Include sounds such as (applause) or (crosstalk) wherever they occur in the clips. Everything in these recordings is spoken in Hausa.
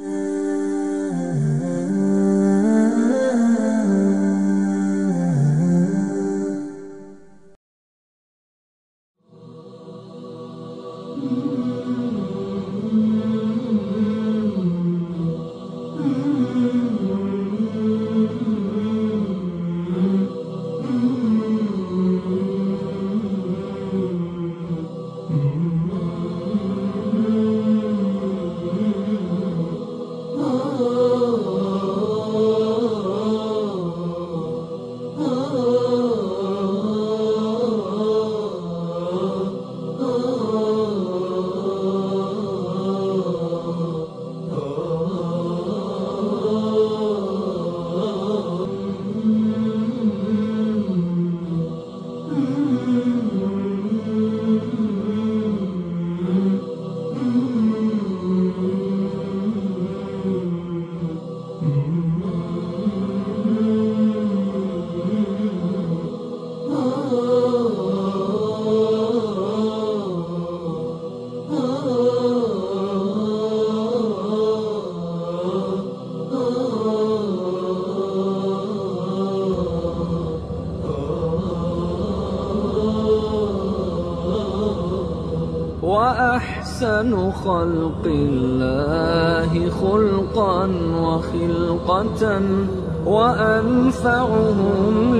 mm خلق الله خلقا وخلقة وأنفعهم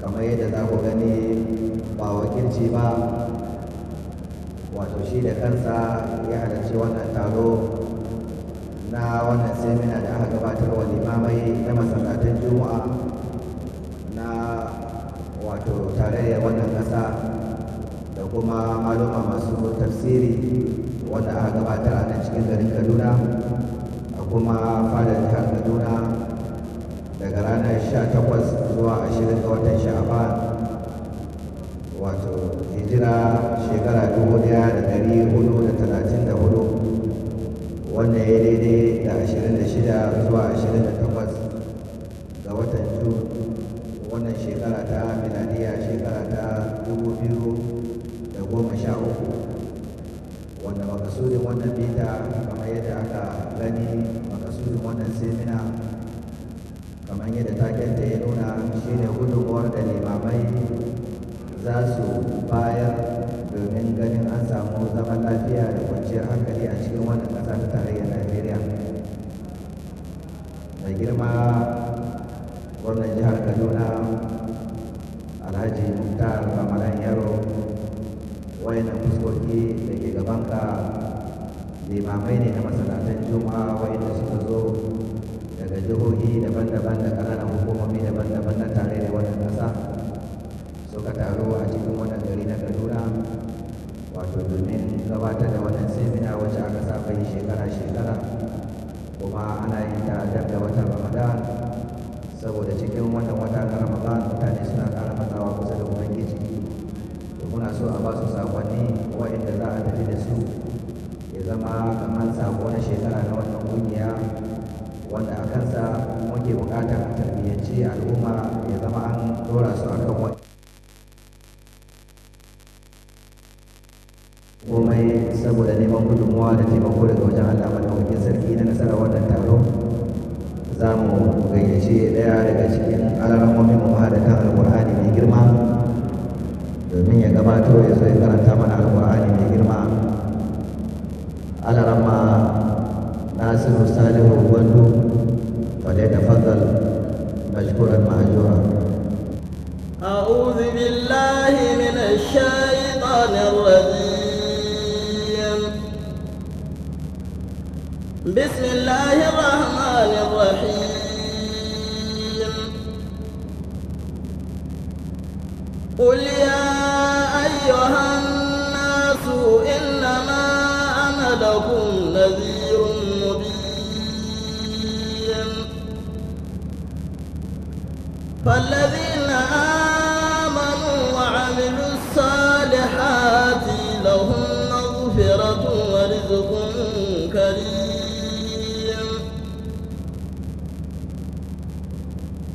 kamar yadda za ku gani ba wakilci ba wato shi da kansa ya halarci wannan taro na wannan semina da aka gabatar wa limamai na masallatan juma'a na wato tarayyar wannan kasa, da kuma maluma masu tafsiri wanda aka gabatar a nan cikin garin kaduna a kuma fadar jihar kaduna daga ranar 18 zuwa ashirin ga watan sha'aban wato hijira shekara dubu daya da dari hudu da talatin da hudu wanda ya daidai da ashirin da shida zuwa ashirin da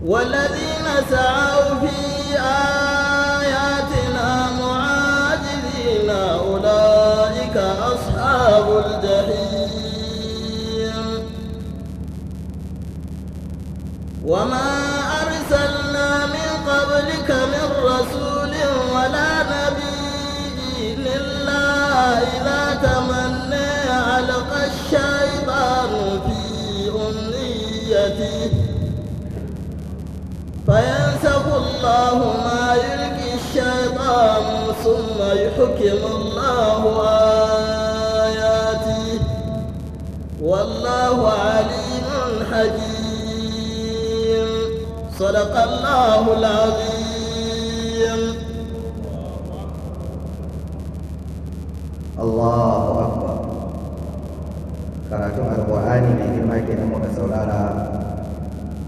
والذين سعوا في آياتنا معاجزين أولئك أصحاب الجحيم وما الله ما يلقي الشيطان ثم يحكم الله آياته والله عليم حكيم صدق الله العظيم الله أكبر karatun alƙur'ani mai girma kenan muka saurara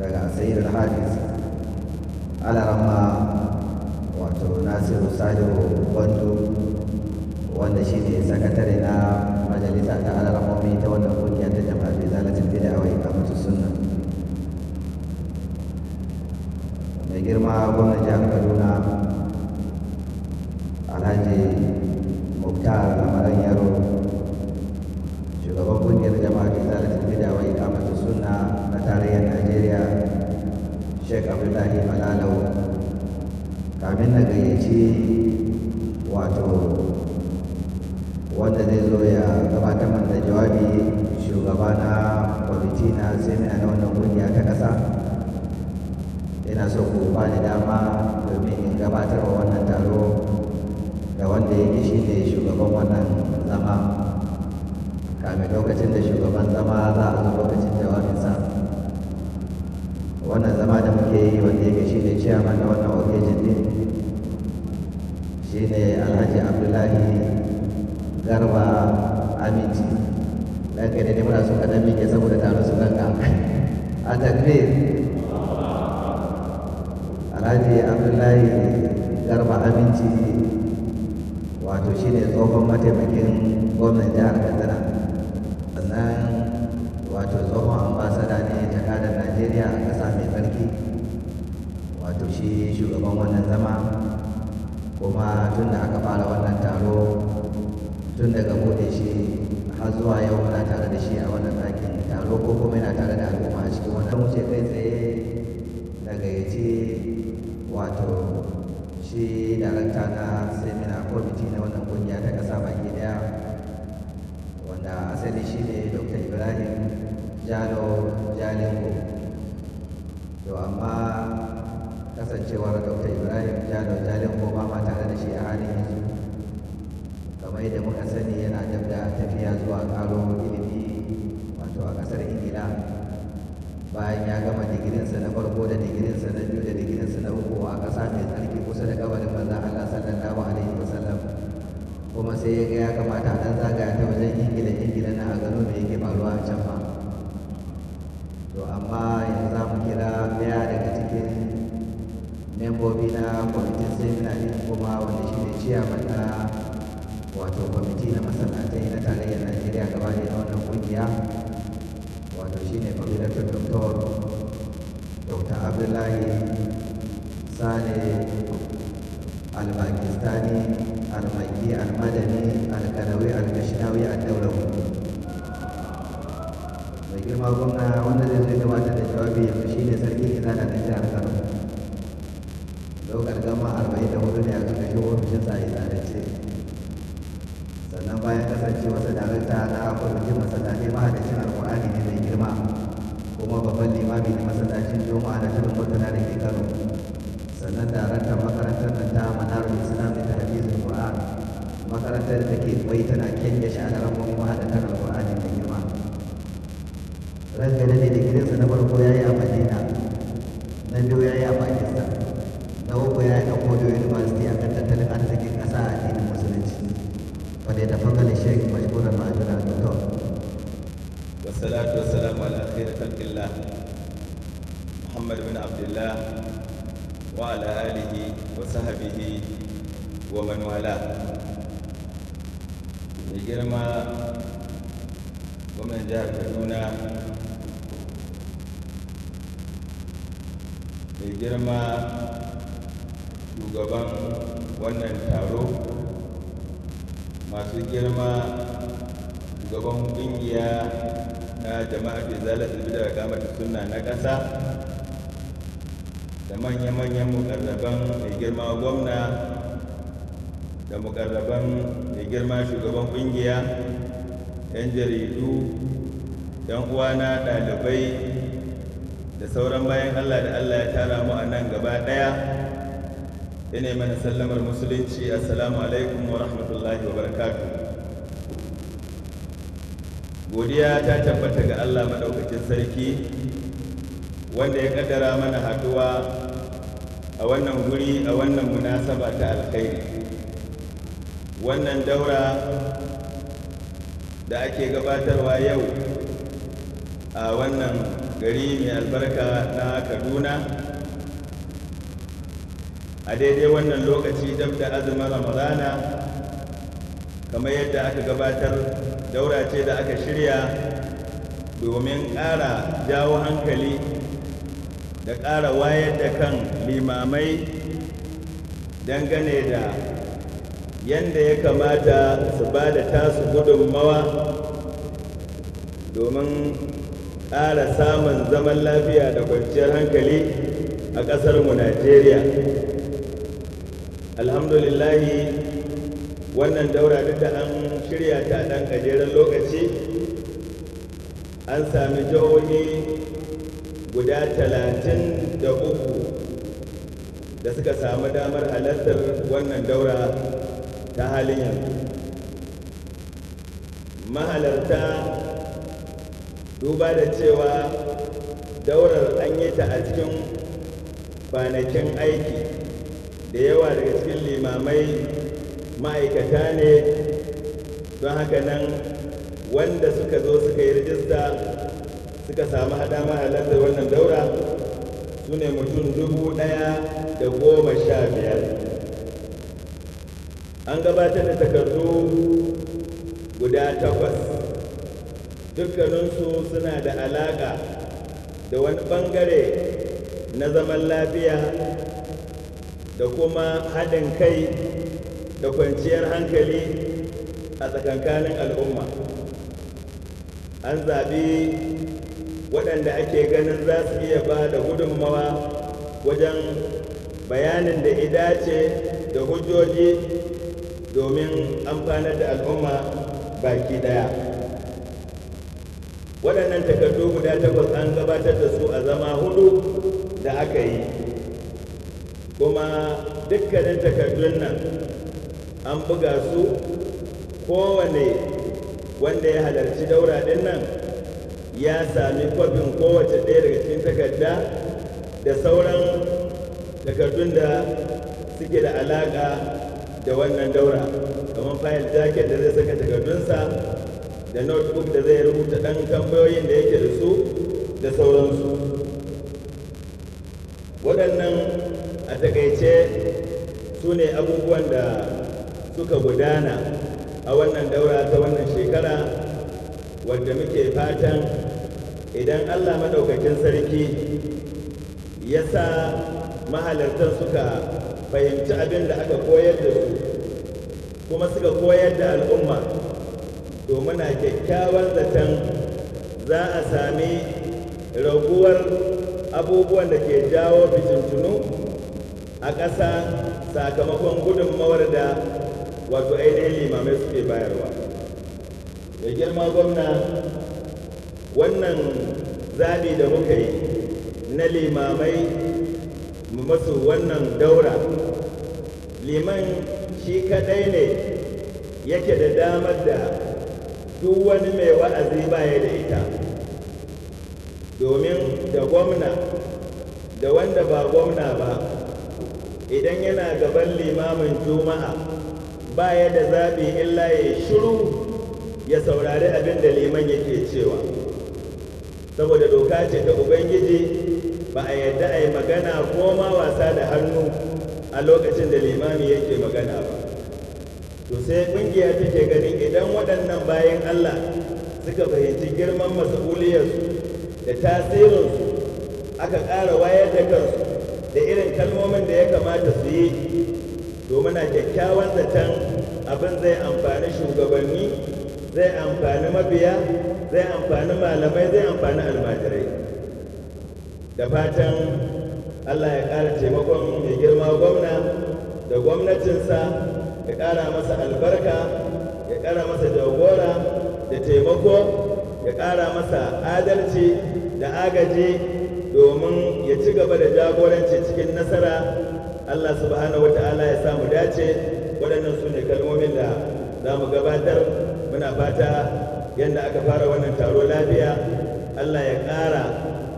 daga sayyidul hadis alarama wato nasiru salihu gwandu wanda shi ne sakatare na majalisa ta alaramomi ta wannan kungiya ta jama'a bai zalatin bida wa ikamatu sunna mai girma gwamnan jihar kaduna alhaji you. kwamiti na wannan kungiya ta ƙasa baki daya wanda asali shi ne dr ibrahim jalo jalingo to amma kasancewar dr ibrahim jalo jalingo ba ma tare da shi a halin yanzu kamar yadda muka sani yana dab da tafiya zuwa karo ilimi wato a ƙasar ingila bayan ya gama digirinsa na farko da digirinsa na biyu da digirinsa na uku a ƙasa mai tsarki kusa da gaba kuma sai ya ga ya kamata a ɗan zagaya ta wajen ingila ingila na a gano me yake faruwa a can ba to amma yanzu za mu kira ɗaya daga cikin membobi na kwamitin semina ɗin kuma wanda shi ne ciyaman na wato kwamiti na masallatai na tarayyar najeriya gaba da wannan ƙungiya wato shi ne fadilatul doktor dr abdullahi sale albakistani girma gwamna da mukarraban mai girma shugaban kungiya 'yan jaridu 'yan uwana ɗalibai da sauran bayan allah da allah ya tara mu a nan gaba ɗaya ina mana sallamar musulunci assalamu alaikum wa rahmatullahi wa barakatu godiya ta tabbata ga allah maɗaukakin sarki wanda ya ƙaddara mana haɗuwa a wannan guri a wannan munasaba ta alkhairi wannan daura da ake gabatarwa yau a wannan gari mai albarka na kaduna a daidai wannan lokaci dab da azumin ramadana kamar yadda aka gabatar daura ce da aka shirya domin ƙara jawo hankali da ƙara wayar da kan limamai dangane da yadda ya kamata su ba da tasu gudunmawa domin ƙara samun zaman lafiya da kwanciyar hankali a ƙasarmu najeriya alhamdulillahi wannan daura duk da an shirya ta ɗan gajeren lokaci an sami jihohi guda talatin da uku da suka samu damar halartar wannan daura ta halin yanzu mahalarta duba da cewa daurar an yi ta a cikin kwanakin aiki da yawa daga cikin limamai ma'aikata ne don haka nan wanda suka zo suka yi rijista suka samu ma halartar wannan daura su ne mutum dubu ɗaya da goma sha biyar an gabatar da takardu guda takwas dukkaninsu suna da alaƙa da wani ɓangare na zaman lafiya da kuma haɗin kai da kwanciyar hankali a tsakankanin al'umma an zaɓi waɗanda ake ganin za su iya ba da gudunmawa wajen bayanin da ya dace da hujjoji domin amfanar da al'umma baki daya waɗannan takardu guda takwas an gabatar da su a zama hudu da aka yi kuma dukkanin takardun nan an buga su kowane wanda ya halarci daura ɗin nan ya sami kwafin kowace ɗaya daga cikin takarda da sauran takardun da suke da alaƙa da wannan daura kamar fayil jacket da zai saka takardunsa da notebook da zai rubuta ɗan tambayoyin da yake da su da sauransu waɗannan a takaice su ne abubuwan da suka gudana a wannan daura ta wannan shekara wadda muke fatan idan allah maɗaukakin sarki ya sa mahalartan suka fahimci abin da aka koyar da su kuma suka koyar da al'umma to muna kyakkyawan zaton za a sami raguwar abubuwan da ke jawo fitintunu a ƙasa sakamakon gudunmawar da wato ainihin limamai suke bayarwa da girma gwamna wannan zabi da muka yi na limamai masu wannan daura liman shi kadai ne yake da damar da duk wani mai wa'azi baya da ita domin da gwamna da wanda ba gwamna ba idan yana gaban limamin juma'a baya da zabi illa ya shiru ya saurari abin da liman yake cewa saboda doka ce ta ubangiji ba a yadda a yi magana ko ma wasa da hannu a lokacin da limami yake magana ba to sai kungiya take ganin idan waɗannan bayan Allah suka fahimci girman mas'uliyarsu da tasirinsu aka ƙara wayar da kansu da irin kalmomin da ya kamata su yi domin a kyakkyawan zaton abin zai amfani shugabanni zai amfani mabiya zai amfani malamai zai amfani almajirai da fatan allah ya ƙara taimakon mai girma gwamna da gwamnatinsa ya ƙara masa albarka ya ƙara masa jagora da taimako ya ƙara masa adalci da agaji domin ya ci gaba da jagoranci cikin nasara allah subhanahu wa ta'ala ya samu dace waɗannan su ne kalmomin da za mu gabatar muna fata yadda aka fara wannan taro lafiya allah ya ƙara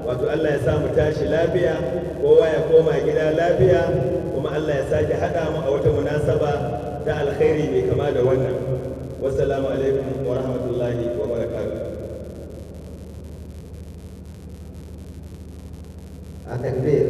wato allah ya sa mu tashi lafiya kowa ya koma gida lafiya kuma allah ya sake haɗa mu a wata munasaba ta alkhairi mai kama da wannan wassalamu alaikum wa rahmatullahi wa barakatuh a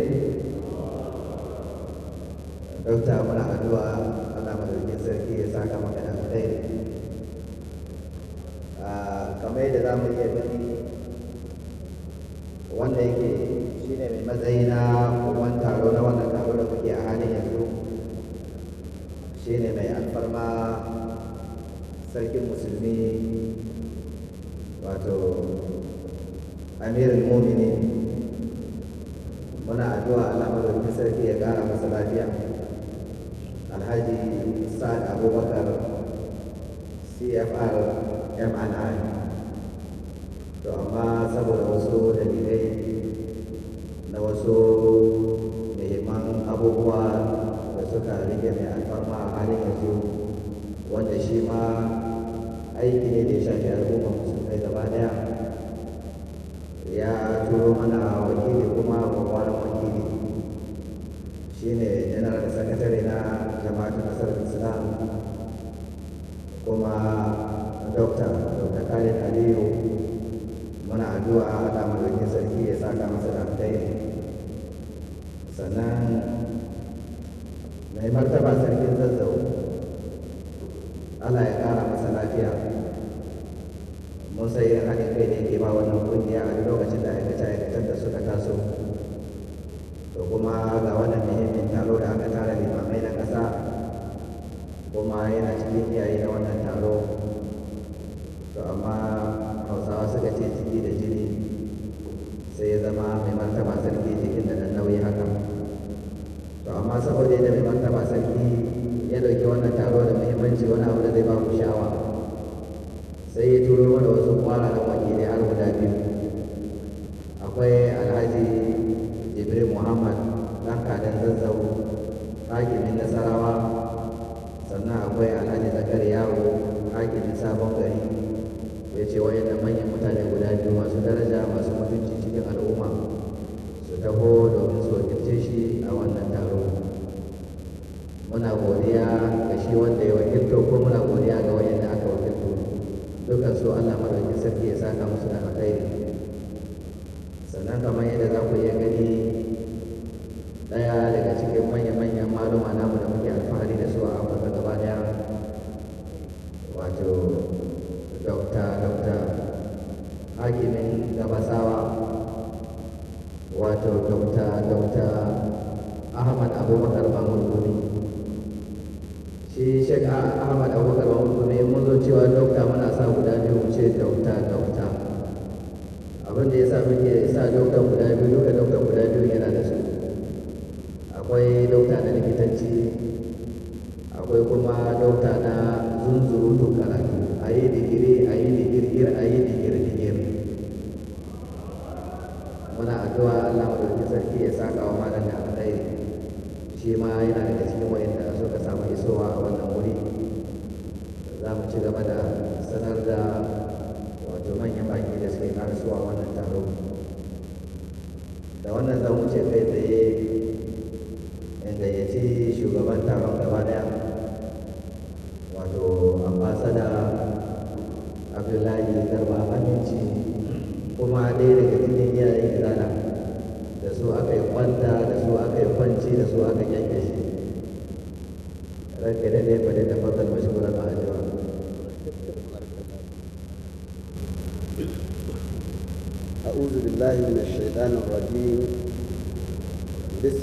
abin sai ya turo mana wasu kwana da ne har guda biyu akwai alhaji jibril muhammad dan kadan zazzau hakimin nasarawa sannan akwai alhaji zakar yawo hakimin sabon gari ya ce yadda manyan mutane guda biyu masu daraja masu mutunci cikin al'umma su taho domin su wakilce shi a wannan taro muna godiya ga shi wanda ya Dank auch für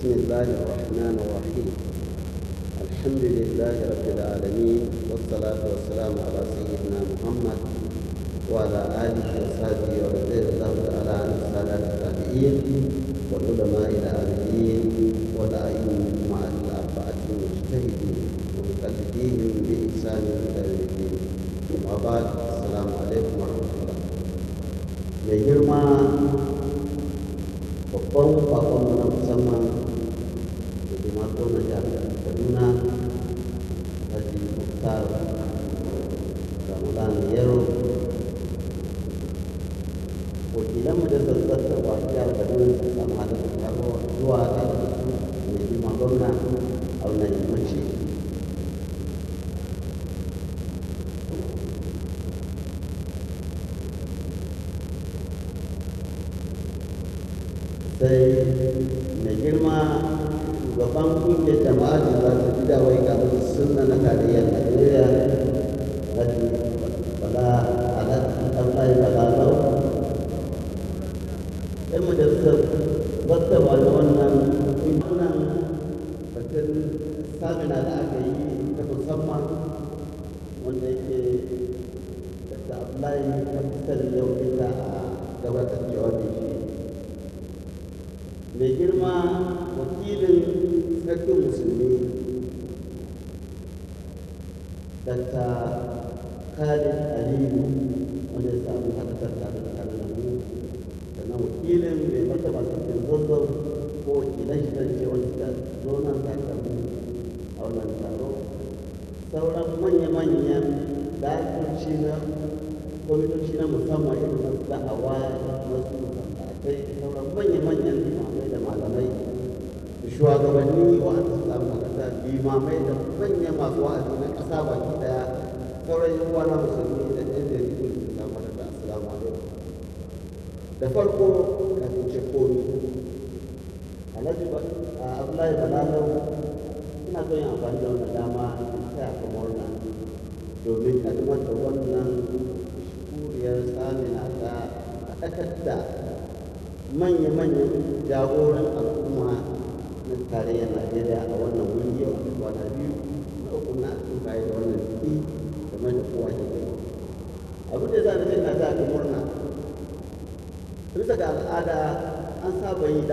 بسم الله الرحمن mana kalian masu wa'azi na ƙasa baki ɗaya sauran yan uwa na musulmi da yan jaridu da na da assalamu alaikum da farko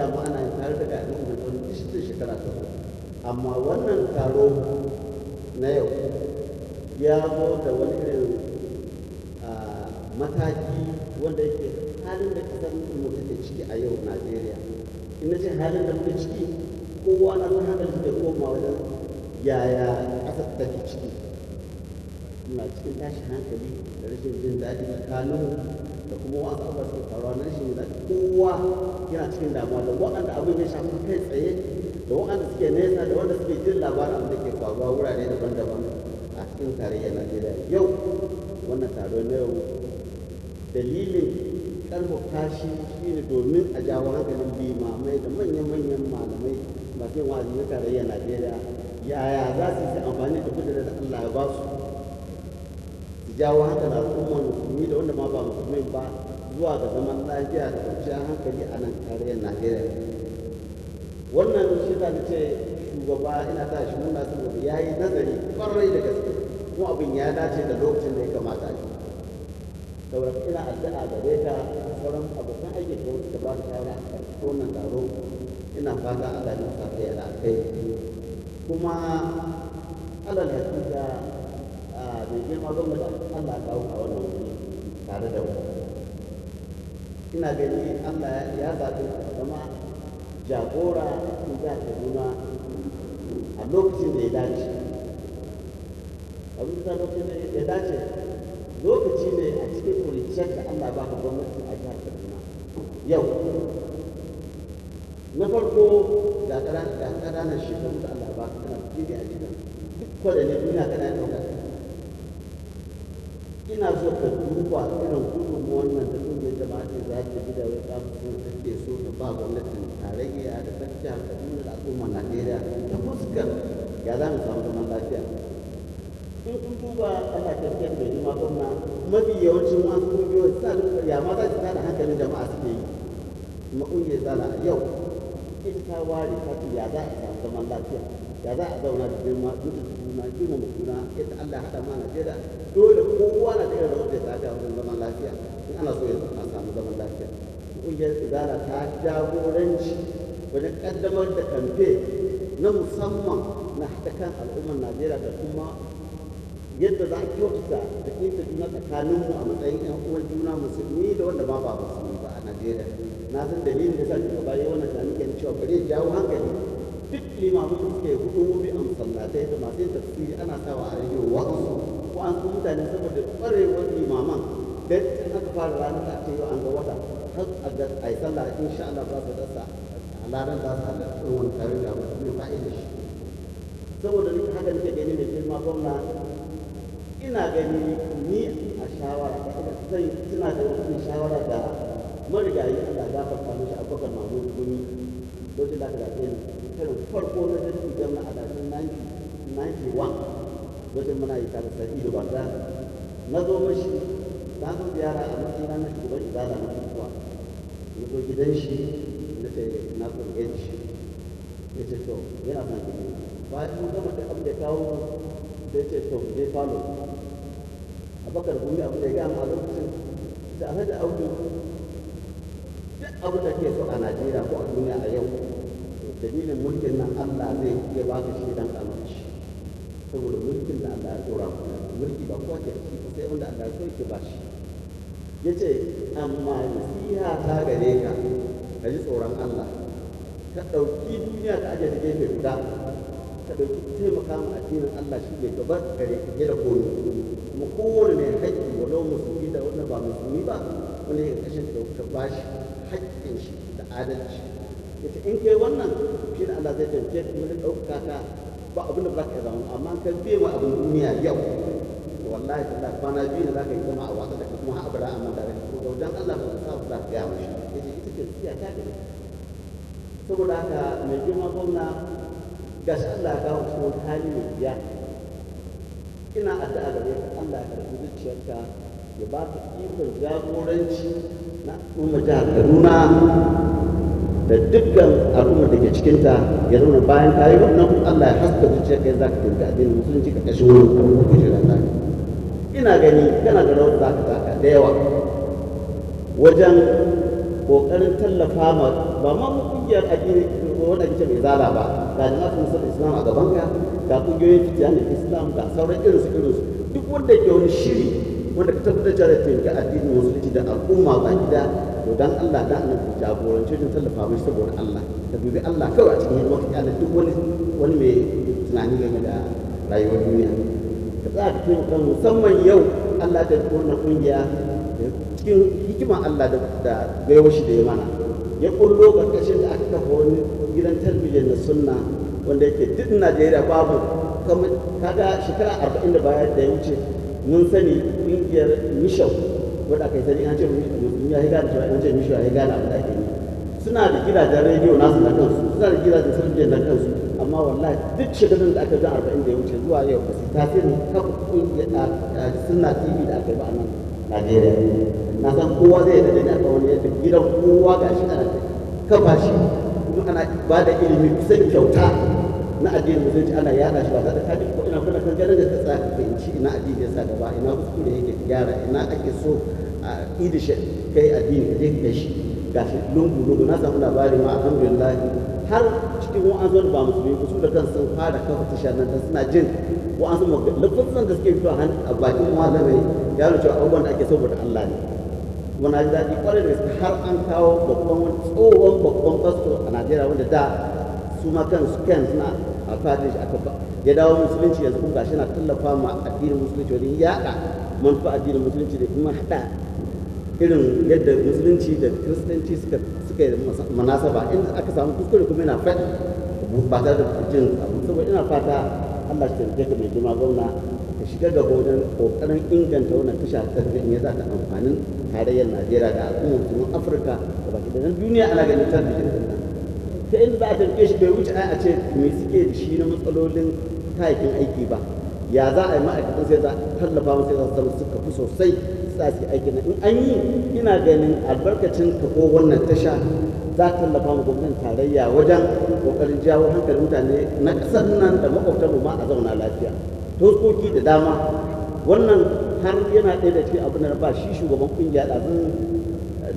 dama ana tare da gani da wani shi shekara ta amma wannan taro na yau ya zo da wani irin mataki wanda yake halin da kasar mu take ciki a yau Najeriya ina ce halin da muke ciki kowa na zan haka da koma wajen yaya kasar take ciki na cikin tashin hankali da rashin jin daɗi tsakanin da kuma wasu abubuwa suke faruwa na rashin daɗi kowa yana cikin damuwa da waɗanda abin ya shafi kai tsaye da waɗanda suke nesa da waɗanda suke jin labarin abin da ke faruwa wurare daban-daban a cikin tarayyar najeriya yau wannan taro na yau dalilin ƙarfafa shi shine domin a jawo hankalin limamai da manyan-manyan malamai masu yin wa'azi na tarayyar najeriya yaya za su yi amfani da kudin da allah ya ba su su jawo hankalin al'ummar musulmi da wanda ma ba musulmi ba zuwa ga zaman lafiya da kwanciyar hankali a nan tarayyar najeriya wannan shi ta ce shugaba ina ta shi muna saboda ya yi nazari kwarai da gaske kuma abin ya dace da lokacin da ya kamata shi saboda ina addu'a zai ta sauran abokan aiki ko da ba ta shawara a ƙarshen wannan taro ina fata Allah ya sa kai da kai kuma alal da bai ah, girma da Allah kawo a wannan wuri tare da mu ina gani allah ya zaɓi zama jagora in na ta kaduna a lokacin da ya dace abin da lokacin da ya dace lokaci ne a cikin kuriciyar da allah ba ka gwamnati a jihar kaduna yau na farko da ƙananan shekaru da allah ba kana fiye a gidan duk kwada ne ina kana ɗauka ina so ka duba irin gudunmu wannan da da ba ne za ta gida wai ta fito ke so ta ba gwamnatin tarayya da ta jihar Kaduna da al'umma Najeriya ta fuskar ya za mu samu zaman lafiya. In kun duba kasashen da bai ma gwamna mafi yawancin wasu kungiyoyi suna ya ma za su tada hankalin jama'a suke yi. Kuma kungiyar tsara a yau ita ta ware ta ya za a samu zaman lafiya ya za a zauna da girma duk girmama juna yadda Allah ya haɗa ma Najeriya dole kowa na da irin rawar da ta ga wurin zaman lafiya in ana so ya a samu zaman lafiya ƙungiyar Izara ta jagoranci wajen ƙaddamar da kamfe na musamman na haɗa kan al'ummar Najeriya da kuma yadda za a kyautata da kinta juna tsakaninmu a matsayin 'yan uwan juna musulmi da wanda ba ba musulmi ba a Najeriya na san dalilin da sa shugaba ya wannan tunanin cewa bari ya jawo hankali duk limamu da suke hukumomi a masallatai da masu tafsiri ana sawa a rediyo wasu ko an su mutane saboda kwarewar limaman da aka fara ranar da ce yau an ga wata har a ga a yi sallah insha Allah ba su dasa a ranar da su da wani tare da wani fa'ida shi saboda duk haka nake gani mai girma gwamna ina gani ni a shawara zai tuna da wani shawara da marigayi Allah ya gafarta mishi abubakar mahmud gumi lokacin da aka gafe ni shirin farko na jirgin janna a dakin 1991 wajen muna yi tare sai ido banda na zo mashi na zo da yara a matsayina na nashi shugaban izala na kuwa na zo gidan shi na ce na kurgen shi ya ce to yana son gini bayan mun gama da abin da kawo da ya ce to zai falo abakar gumi abin da ya gama a lokacin da alhaji audu duk abin da ke so a najeriya ko a duniya a yau dalilin mulkin nan Allah zai iya ba ka shi dan aminci saboda mulkin da Allah ya dora kuma mulki ba kowa ke ciki ba sai wanda Allah ya ke ba shi ce amma nasiha ta gare ka ka ji tsoron Allah ka ɗauki duniya ta ajiye ta gefe guda ka ɗauki taimaka ma addinin Allah shi ne gaba gare ka da kone kuma kowane mai haƙƙi walau musulmi da wanda ba musulmi ba wanda ya kashe ka bashi haƙƙin shi da adalci yace in kai wannan shi da Allah zai taimake ka mun ɗaukaka ka ba abin da ba ka zama amma kan biye wa abin duniya yau wallahi ta kwana biyu da za ka yi zama a wasa da kuma abara amma da rai ko dan Allah ba sa ba ka ya mushi yace ita ce tsiya ta gari saboda haka mai girma gwamna ga shi Allah ga kawo su hali mai biya ina addu'a gare ka Allah ya karbi zuciyarka ya ba ka ikon jagoranci na al'ummar jihar Kaduna da dukkan al'ummar da ke cikinta ya zama bayan ta yi wannan Allah ya haska zuciya kai za ka tafi addinin musulunci ka kashe kuma kujerar da ina gani kana da rawar za ka taka da yawa wajen kokarin tallafa ma ba ma mu kungiyar addini wanda ake mai zala ba ga jama'atin sun islam a gaban ka ga kungiyoyin tijanin islam ga sauran irin su irin su duk wanda ke wani shiri wanda ka tabbatar da cewa da addinin musulunci da al'umma ba gida to dan Allah da annabi jagoranci wajen tallafa mai saboda Allah ka dubi Allah kawai a cikin hidima ka duk wani wani mai tunani game da rayuwar duniya ka tsaya ka kan musamman yau Allah ta da wannan kungiya cikin hikima Allah da gaiwa shi da ya mana ya kullo karkashin da aka kafa wani gidan talbijin na sunna wanda yake duk Najeriya babu kaga shekara arba'in da baya da ya wuce mun sani kungiyar Mishau ko da kai sai an ce musulmi ya yi gane cewa an ce mishi ya yi gane abin da ake yi suna da gidajen rediyo nasu na kansu suna da gidajen sarki na kansu amma wallahi duk shekarun da aka ji arba'in da ya wuce zuwa yau ba su tasirin kan suna tv da aka yi ba a nan najeriya na san kowa zai yadda da a wani yadda gidan kowa ga shi ana kafa shi kuma ana ba da ilimi kusan kyauta na addinin musulunci ana yada shi ba tare da kaji ko ina kuna kan ganin da ta tsaya ka fahimci ina addini ya sa gaba ina kuskure yake gyara ina ake so a idi shi kai addini ka je ka kai shi gashi lungu lungu na samu labari ma alhamdulillah har cikin wa'azan ba musulmi ba su da kan sun fara kafa tashar nan suna jin wa'azan lafazan da suke fitowa a bakin mai ya nuna a abubuwan da ake saboda Allah ne wani ji daɗi kwarai da gaske har an kawo babban wani tsohon babban fasto a Najeriya wanda da su ma kansu kan suna a fatin shi aka ya dawo musulunci yanzu kuma gashi na tallafa ma addinin musulunci wani yaɗa manufa addinin musulunci da kuma haɗa irin yadda musulunci da kiristanci suka suka yi munasaba in aka samu kuskure kuma yana fat ba tare da jin abu saboda ina fata Allah shi tarbe ka mai jima gwamna ka shiga ga wajen kokarin inganta wannan tusha ta zai ya zaka amfanin tarayyar Najeriya da al'ummar kuma Afirka da baki da nan duniya ana ganin ta da ta inda za a tarke shi bai wuce a ce me suke da shi na matsalolin kayakin aiki ba ya za a yi ma'aikatan sai za a tallafa masu sai su zama suka fi sosai sa su yi aikin in an yi ina ganin albarkacin ka ko wannan tasha za ta tallafa mu gwamnatin tarayya wajen kokarin jawo hankalin mutane na ƙasar nan da makwabtanmu ma a zauna lafiya tokoki da dama wannan har yana ɗaya da cikin abu na ba shi shugaban kungiya ɗazun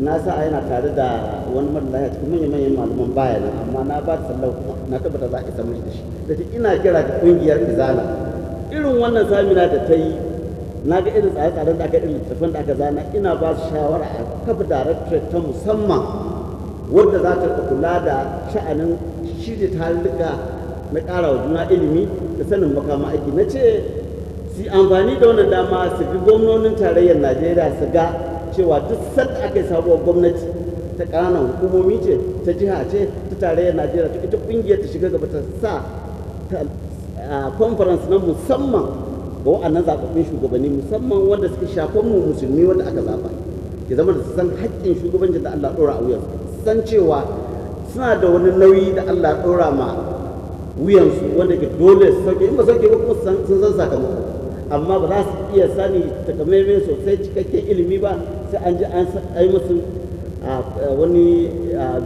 na sa yana tare da wani mara ya cikin manyan manyan malaman baya nan amma na ba sallau na tabbata za a isa mishi da shi da ina kira ga kungiyar izala irin wannan samina da ta yi na ga irin tsaye tsaren da aka irin littattafan da aka zana ina ba su shawara a kafa daraktar ta musamman wadda za ta kula da sha'anin shirya tarurruka na ƙara wa juna ilimi da sanin makama aiki na ce su amfani da wannan dama su bi gwamnonin tarayyar najeriya su ga cewa duk sanda aka yi sabuwar gwamnati ta ƙananan hukumomi ce ta jiha ce ta tarayyar najeriya ta ita ƙungiyar ta shiga gaba ta sa a conference na musamman ga wa'annan zaɓaɓɓun shugabanni musamman wanda suka shafa mu musulmi wanda aka zaɓa ya zama da su san haƙƙin shugabancin da Allah ɗora a wuyansu san cewa suna da wani nauyi da Allah ɗora ma wuyansu wanda ke dole su sauke in ba sauke ba kuma sun san sakamako amma ba za su iya sani takamaimai sosai cikakken ilimi ba sai an ji an yi musu wani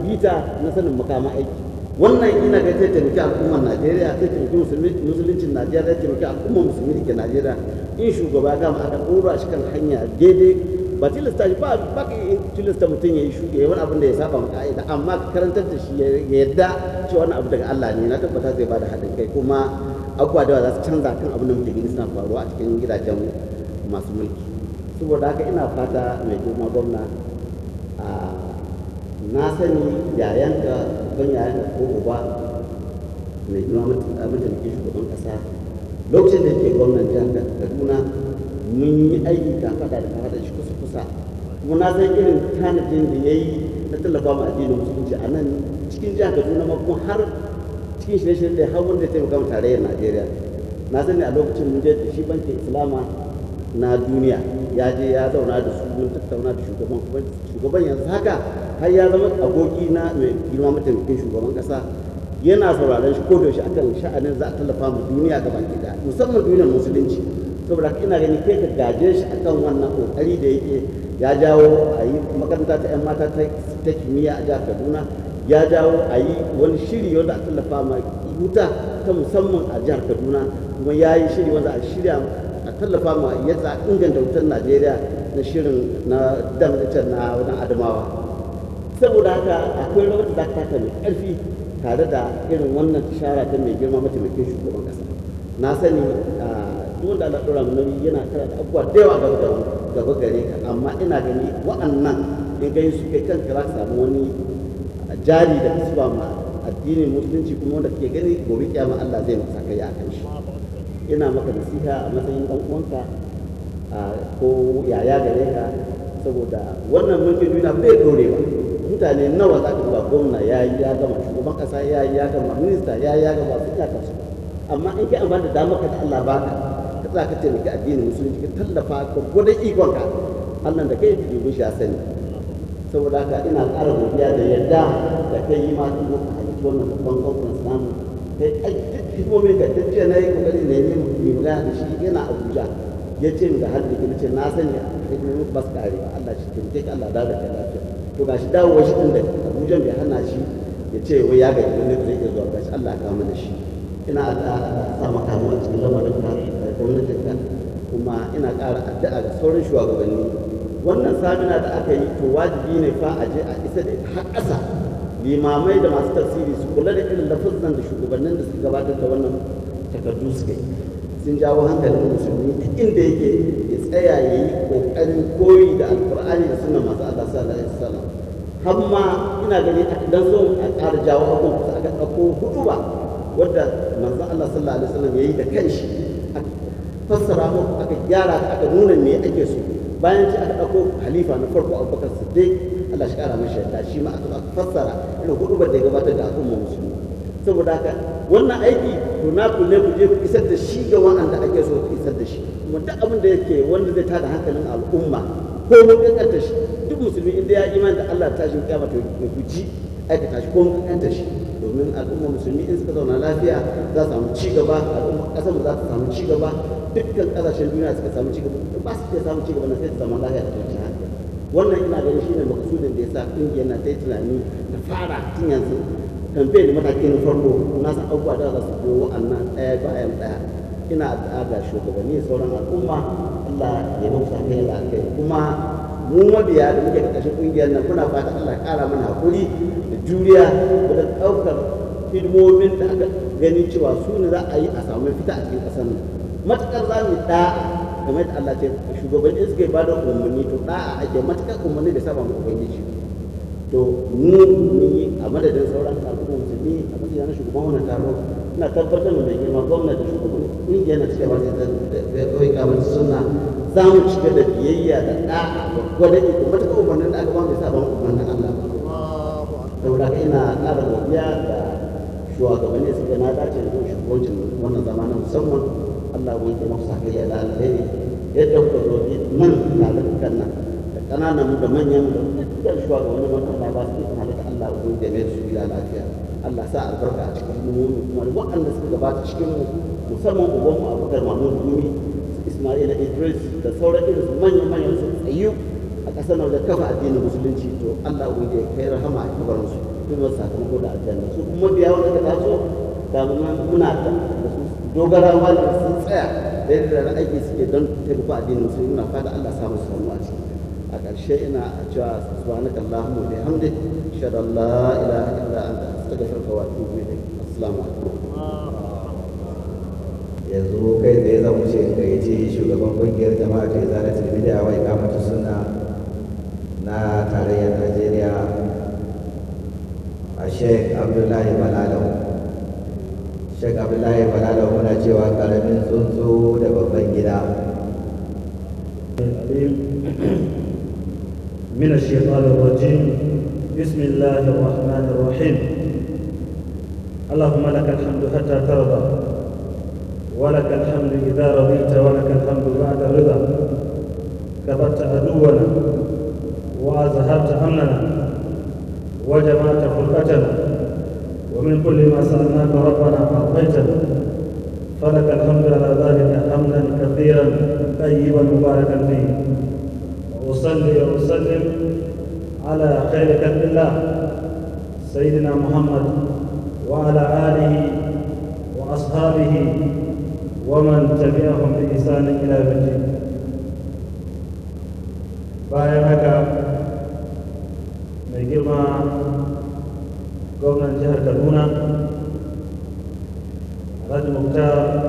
bita na sanin makama aiki wannan ina ga zai taimaki al'ummar najeriya zai taimaki musuluncin najeriya zai taimaki al'ummar musulmi da ke najeriya in shugaba gama aka ɗora shi kan hanya daidai ba tilasta shi ba ba ka tilasta mutum ya yi shuka ya wani abin da ya saba maka ka'ida amma ka karantar da shi ya yarda cewa wani abu daga Allah ne na tabbata zai bada haɗin kai kuma abubuwa da za su canza kan abin da mutum gani suna faruwa a cikin gidajen masu mulki saboda haka ina fata mai girma gwamna a na sani yayanka yayan yayanka ko uba mai girma mataimakin shugaban kasa lokacin da ke gwamnan jihar kaduna mun yi aiki kan fada da fada shi kusa kusa kuma na san irin tanadin da ya yi na tallafa ma addinin musulunci a nan cikin jihar kaduna ma kuma har cikin shirye-shirye da har wanda ya taimaka ma tarayyar najeriya na sani a lokacin mun je da shi bankin islama na duniya ya je ya zauna da su mun tattauna da shugaban shugaban yanzu haka har ya zama agogi na mai girma mataimakin shugaban kasa yana sauraron shi ko da akan sha'anin za a tallafa mu duniya ga baki da musamman duniyar musulunci saboda haka ina ganin kai ka gaje shi akan wannan kokari da yake ya jawo a yi makaranta ta 'yan mata ta kimiyya a jihar kaduna ya jawo a yi wani shiri wanda a tallafa ma huta ta musamman a jihar kaduna kuma ya yi shiri wanda a shirya a tallafa ma yadda inganta wutar najeriya na shirin na dangantar na adamawa saboda haka akwai rawar da ta taka mai ƙarfi tare da irin wannan tishara ta mai girma mataimakin shugaban ƙasa na sani duk da Allah ɗora nauyi yana da abubuwa da yawa gaba gaba gare ka amma ina gani wa'annan in gani su kai kanka za samu wani jari da kasuwa ma addinin musulunci kuma wanda kake gani gobe kiyama Allah zai masa kai a kan shi ina maka nasiha a matsayin ɗan uwanka ko yaya gare ka saboda wannan mulkin duniya bai dore ba mutane nawa za ka ba gwamna ya yi ya gama shugaban kasa ya yi ya gama minista ya yi ya gama sun ya kasu amma in ka amfani da damar ka da Allah baka ka za ka taimaki addinin musulunci ka tallafa ka gwada ikonka Allah da kai dubi shi ya sani saboda haka ina ƙara godiya da yadda da kai yi ma kuma ka halittu wannan babban conference namu kai ai duk hikimomin ka duk na yi kokari na yi mu da shi yana Abuja ya ce da har da ce na sani hikimomi ba su kare ba Allah shi ke ka Allah da da lafiya to ga shi dawowa shi din da Abuja bai hana shi ya ce wai ya ga ne zai iya zuwa gashi Allah ka mana shi ina da sa maka mu cikin lamarin ka gwamnatin ka kuma ina ƙara addu'a ga sauran shugabanni wannan samina da aka yi to wajibi ne fa a je a isa da har ƙasa limamai da masu tasiri su kula da irin lafazan da shugabannin da suka gabatar da wannan takardu suka yi sun jawo hankalin musulmi inda yake ya tsaya ya yi ƙoƙarin koyi da alƙur'ani da suna masu Allah sallallahu alaihi wasallam har ma ina gani a dan so a ƙara jawo abin kusa aka ɗauko hudu ba wadda manzo Allah sallallahu alaihi wasallam ya yi da kanshi fassara mu aka gyara aka nuna me ake so bayan shi aka ɗauko halifa na farko abubakar siddiq Allah shi ƙara mashi yadda shi ma aka fassara irin hudu ba da ya gabatar da al'umma musulmi saboda haka wannan aiki to na ku ne ku je ku isar da shi ga wanda ake so ku isar da shi kuma duk abin da yake wanda zai tada hankalin al'umma ko mun kankanta shi duk musulmi inda ya imani da Allah tashin kiyama to ya guji aikata shi ko mun kankanta shi domin al'umma musulmi in suka zauna lafiya za su samu ci gaba al'umma kasar za su samu ci gaba dukkan kasashen duniya suka samu ci gaba ba su ke samu ci gaba na sai su samu lafiya da kwanciyar hankali wannan ina ganin shine makasudin da ya sa ƙungiyar na ta yi tunani da fara tun yanzu kamfe da mataki na farko na san abubuwa da za su biyo wa'annan ɗaya bayan ɗaya ina ga shugabanni sauran al'umma Allah ya mafi hanyar da kai kuma mu mabiya da muke ƙarƙashin ƙungiyar nan muna fata Allah ya ƙara mana hakuri da juriya wajen ɗaukar hidimomin da aka gani cewa su ne za a yi a samu fita a cikin ƙasar nan matuƙar za mu ɗa'a game da Allah ce shugabanni suke ba da umarni to ɗa'a ake matuƙar umarni da saba mu ubangiji to mu mun a madadin sauran al'umma musulmi a madadin na shugaban wannan taro ina tabbatar da mai girma gwamna da shugaban kungiya na cewa ne da kawai kamar suna za mu cika da biyayya da ɗa'a da gwadaji da matuƙa umarnin da aka ba mu sa umarnin Allah saboda haka ina ƙara da ga shugabanni suka na dace da shugabancin wannan zamanin musamman Allah ya yi masa hakiyya da alheri yadda kuka zo nan na da nan da ƙananan da manyan da idan dukkan shugabannin Allah ba su ikon halitta Allah ubangi da mai su gida lafiya Allah sa albarka a cikin mu kuma waɗanda suka gabata cikin mu musamman uban mu Abubakar Mahmud Gumi Ismail Idris da sauran irin manyan manyan su tsayu a ƙasar nan da kafa addinin musulunci to Allah ubangi ya kai rahama a kabarin su kuma sakamako da aljanna su kuma biya wanda ka taso da muna da su dogarawa da sun tsaya da yadda da aiki suke don taimako addinin musulunci muna fata Allah samu samu a ciki ƙarshe ina cewa subhanaka allahumma bihamdik ashhadu an la ilaha illa anta astaghfiruka wa atubu ilayk assalamu alaikum yanzu kai tsaye za mu ce gayyace shugaban kungiyar jama'a ta izara tilmidiya wa ikamata suna na tarayyar najeriya a sheik abdullahi Malalau? sheik abdullahi Malalau muna cewa karamin tsuntsu da babban gida من الشيطان الرجيم بسم الله الرحمن الرحيم اللهم لك الحمد حتى ترضى ولك الحمد إذا رضيت ولك الحمد بعد الرضا كبرت عدونا وأزهرت أمننا وجمعت فرقتنا ومن كل ما سألناك ربنا أعطيتنا فلك الحمد على ذلك حمدا كثيرا طيبا مباركا فيه وصلي وسلم على خير كتب الله سيدنا محمد وعلى آله وأصحابه ومن تبعهم بإحسان إلى بيته باي مكة نجمع قبل الجهر كابونا رجل مختار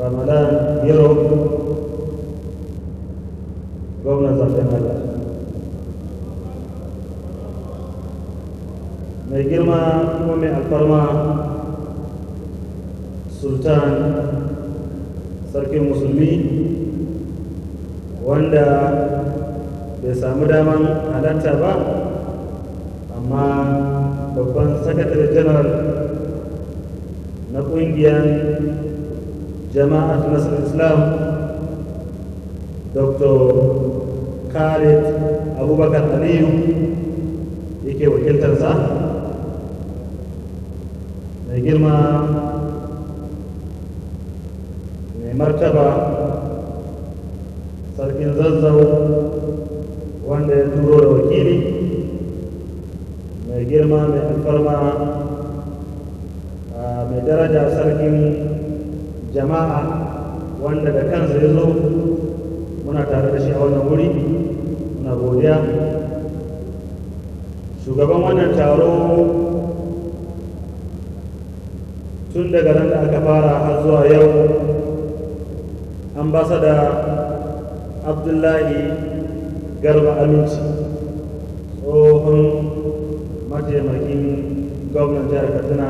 رمضان يروي gwamnan zafin mai girma kuma mai alfarma sultan sarkin musulmi wanda bai samu daman halarta ba amma babban sakatare janar na kungiyar jama'at nasar islam dr khalid abubakar aliyu yake wakiltarsa mai girma mai martaba sarkin zazzau wanda ya turo da wakili mai girma mai alfarma mai daraja sarkin jama'a wanda da kansa ya zo muna tare da shi a wannan wuri a godiya shugaban wannan taro tun daga nan da aka fara har zuwa yau ambasada abdullahi garba aminci tsohon mataimakin gwamnan jihar katsina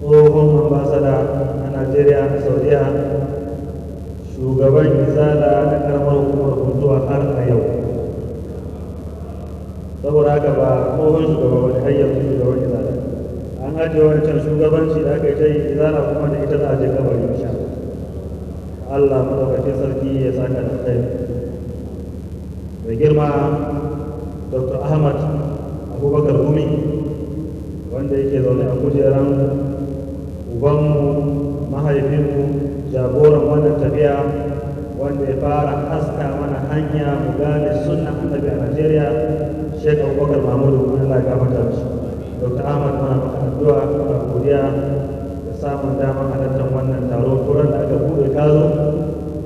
tsohon ambasada a najeriya da saudiya shugaban izala na karamar hukumar zuwa har a yau saboda haka ba tsohon shugaban wani hanyar shugaban izala an ajiye shugaban shugabanci da aka yi ta yi izala kuma da ita za a je shan. insha Allah madaukakin sarki ya saka da kai da girma Dr. Ahmad Abubakar Gumi wanda yake zaune a kujeran ubanmu mahaifinmu jagoran wannan tafiya wanda ya fara haska mana hanya mu gane sunna annabi a Najeriya Sheikh Abubakar Mahmudu Allah ya gafarta shi Dr. Ahmad mana maka addu'a muna godiya da samun damar halartar wannan taro turan da aka bude ka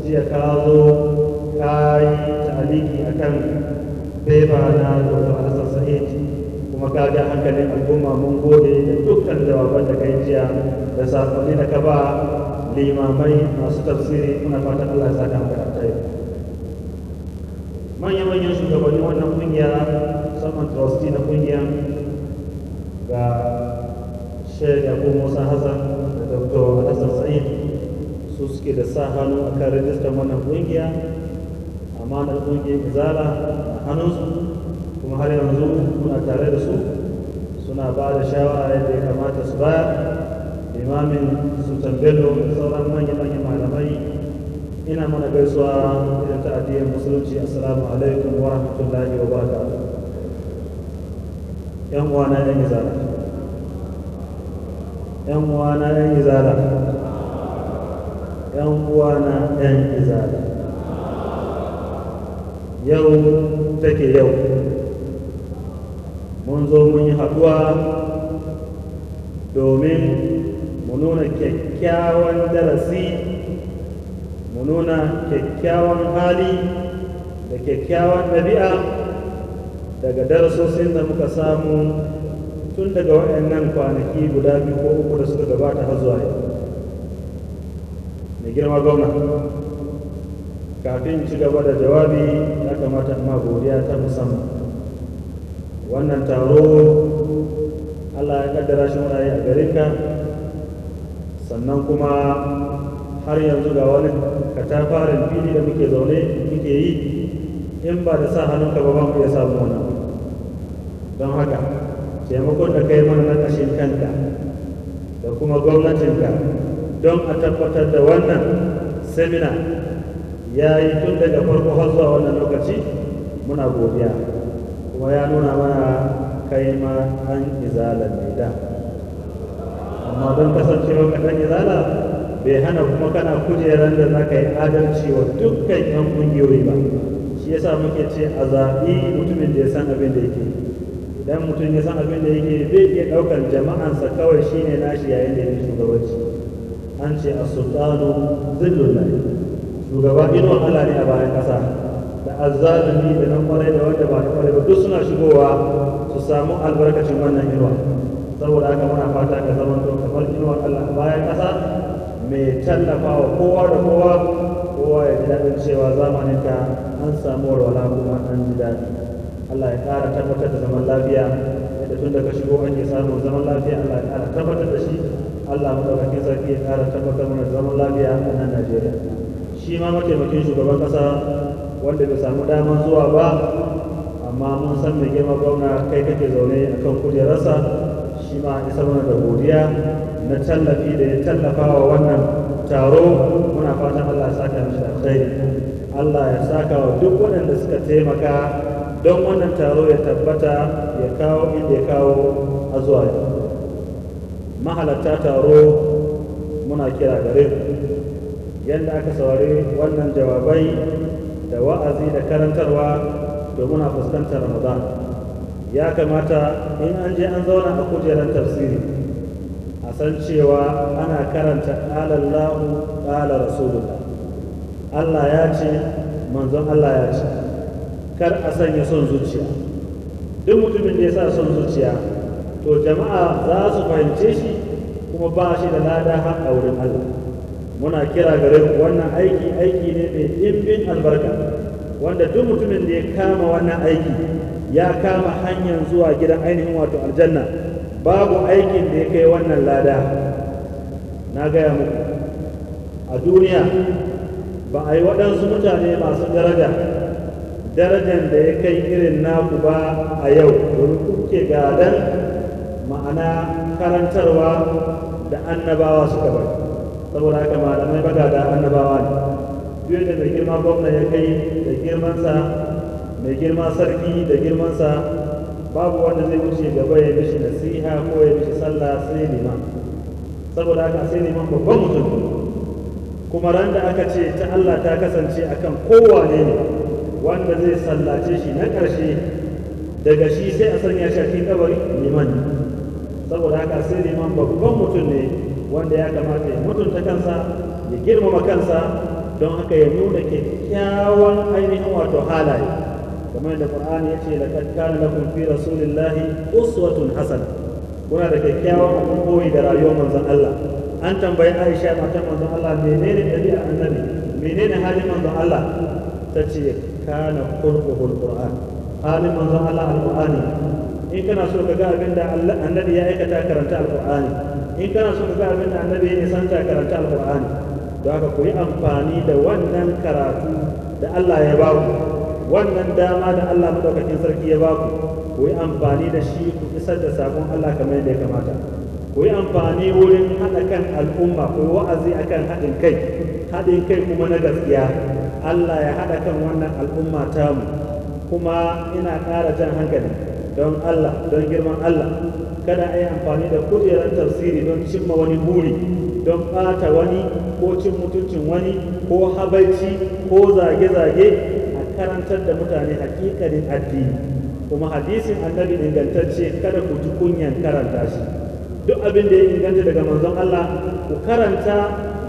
jiya ka zo ka yi taliki akan beba na Dr. Hassan Sa'id kuma ka ga hankalin al'umma mun gode da dukkan jawaban da kai jiya da sakonni da ka ba limamai masu tafsiri muna fatan Allah ya saka maka alkhairi manyan manyan shugabannin wannan kungiya musamman trustee na kungiya ga Sheikh Yakubu Musa Hassan da Dr. Hassan Sa'id su suke da sa hannu kan rajistar wannan kungiya amanar kungiyar izala a hannunsu kuma har yanzu muna tare da su suna ba da shawara yadda ya kamata su bayar limamin su bello da sauran manya-manyan malamai ina mana gaisuwa idan ta addinin musulunci assalamu alaikum wa rahmatullahi wa barakatuh yan uwa yan izala yan uwa yan izala yan uwa yan izala yau take yau mun zo mun yi haɗuwa domin mu nuna kyakkyawan darasi mu nuna kyakkyawan hali da kyakkyawan ɗabi'a daga darasosin da muka samu tun daga waɗannan kwanaki guda biyu ko uku da suka gabata har zuwa yau mai girma gwamna kafin ci gaba da jawabi ya kamata ma godiya ta musamman wannan taro allah ya kaddara shi a garinka sannan kuma har yanzu ga wani katafarin fili da muke zaune muke yi in ba da sa hannunka ba ba mu ya samu wani don haka taimakon da kai mana na ƙashin kanta da kuma gwamnatinka don a tabbatar da wannan semina ya yi tun daga farko har zuwa wannan lokaci muna godiya kuma ya nuna mana kai ma an izalar da amma don kasancewa kaɗan ya izala bai hana kuma kana kujeran da za ka yi adalci wa dukkan 'yan ƙungiyoyi ba shi yasa muke ce a zaɓi mutumin da ya san abin da yake idan mutum ya san abin da yake zai iya ɗaukar jama'ansa kawai shine nashi yayin da ya shugabanci an ce a sultanu zillullahi shugaba ino Allah ne a bayan ƙasa da azzalumi da nan kwarai da wanda ba kwarai ba duk suna shigowa su samu albarkacin wannan inuwa saboda haka muna fata ka zama zuwa Allah bayan ƙasa mai tallafa wa kowa da kowa kowa ya ji daɗin cewa zamaninka an samu walwala kuma an ji daɗi Allah ya ƙara tabbatar da zaman lafiya yadda tun daga shigo yi samun zaman lafiya Allah ya ƙara tabbatar da shi Allah mu maɗaukakin sarki ya ƙara tabbatar mana zaman lafiya a nan Najeriya shi ma mataimakin shugaban ƙasa wanda bai samu damar zuwa ba amma mun san mai girma gwamna kai kake zaune a kan kujerarsa shi ma isa mana da godiya na tallafi da ya tallafa wa wannan taro muna fatan Allah ya saka mishi alkhairi Allah ya saka wa duk waɗanda suka taimaka don wannan taro ya tabbata ya kawo inda ya kawo a zuwa mahalatta taro muna kira gare yadda aka saurari wannan jawabai da wa'azi da karantarwa to muna fuskantar ramadan ya kamata in an je an zauna a kujerar tafsiri san cewa ana karanta alallahu ala rasulullah Allah ya ce manzon Allah ya ce kar a sanya son zuciya duk mutumin da ya sa son zuciya to jama'a za su fahimce shi kuma ba shi da lada har a wurin Allah muna kira gare ku wannan aiki aiki ne mai ɗimbin albarka wanda duk mutumin da ya kama wannan aiki ya kama hanyar zuwa gidan ainihin wato aljanna babu aikin da ya kai wannan lada na gaya muku a duniya ba a yi waɗansu mutane masu daraja darajan da ya kai irin naku ba a yau domin kuke gadan ma'ana karantarwa da annabawa suka bai saboda haka malamai da annabawa ne duk da mai girma gwamna ya kai da girmansa mai girma sarki da girmansa babu wanda zai wuce gaba ya mishi nasiha ko ya mishi sallah sai liman saboda haka sai liman babban mutum kuma ran da aka ce ta Allah ta kasance akan kowane ne wanda zai sallace shi na ƙarshe daga shi sai a sanya shi a cikin kabari liman saboda haka sai liman babban mutum ne wanda ya kamata ya mutunta kansa ya girmama kansa don haka ya nuna kyakkyawan ainihin wato halaye kamar da qur'ani ya ce laqad kana lakum fi rasulillahi uswatun hasana kuna da kyakkyawan abin koyi da rayuwar manzon Allah an tambayi Aisha matan manzon Allah menene dabi'a annabi menene halin manzon Allah ta ce kana qur'ul qur'an halin manzon Allah alqur'ani in kana so ka ga abin da annabi ya aikata karanta alqur'ani in kana so ka ga abin da annabi ya nisanta karanta alqur'ani don haka ku yi amfani da wannan karatu da Allah ya ba ku wannan dama da Allah madaukakin sarki ya baku ku yi amfani da shi ku isar da sabon Allah kamar yadda ya kamata ku yi amfani wurin haɗa kan al'umma ku yi wa'azi kan haɗin kai haɗin kai kuma na gaskiya Allah ya haɗa kan wannan al'umma mu. kuma ina ƙara jan hankali don Allah don girman Allah kada a yi amfani da kujerar tafsiri don cimma wani buri don ɓata wani ko cin mutuncin wani ko habaici ko zage-zage karantar da mutane hakikalin addini kuma hadisin annabi ingantacce kada ku ji kunyan karanta shi duk abin da ya inganta daga manzon Allah ku karanta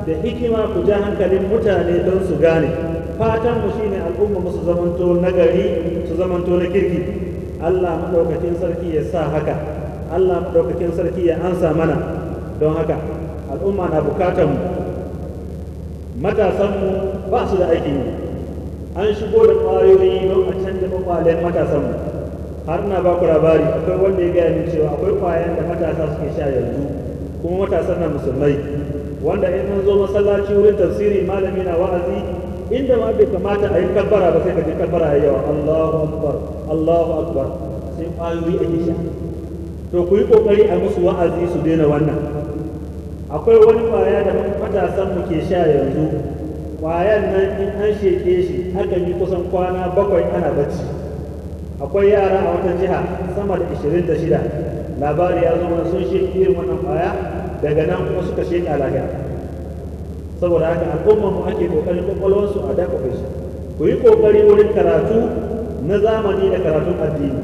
da hikima ku ja hankalin mutane don su gane fatan mu shine al'umma musu zamanto na gari su zamanto na kirki Allah madaukakin sarki ya sa haka Allah madaukakin sarki ya ansa mana don haka al'umma na bukatar mu matasan mu ba su da aikin yi an shigo da kwayoyi don a canza kwakwalen matasanmu har na ba ku labari akwai wanda ya gaya min cewa akwai ƙwayan da matasa suke sha yanzu kuma matasan na musulmai wanda in an zo masallaci wurin tafsiri malami na wa'azi inda ma bai kamata a yi kalbara ba sai ka je kalbara ya yawa Allahu akbar Allahu akbar sai ƙwayoyi ake sha to ku yi ƙoƙari a musu wa'azi su daina wannan akwai wani ƙwaya da matasan mu ke sha yanzu ƙwayan nan in an sheke shi akan yi kusan kwana bakwai ana bacci akwai yara a wata jiha sama da 26 labari ya zo sun sheke irin wannan ƙwaya daga nan kuma suka sheka lafiya saboda haka al'ummar mu ake kokarin kwakwalwarsu a dakafe shi ku yi ƙoƙari wurin karatu na zamani da karatun addini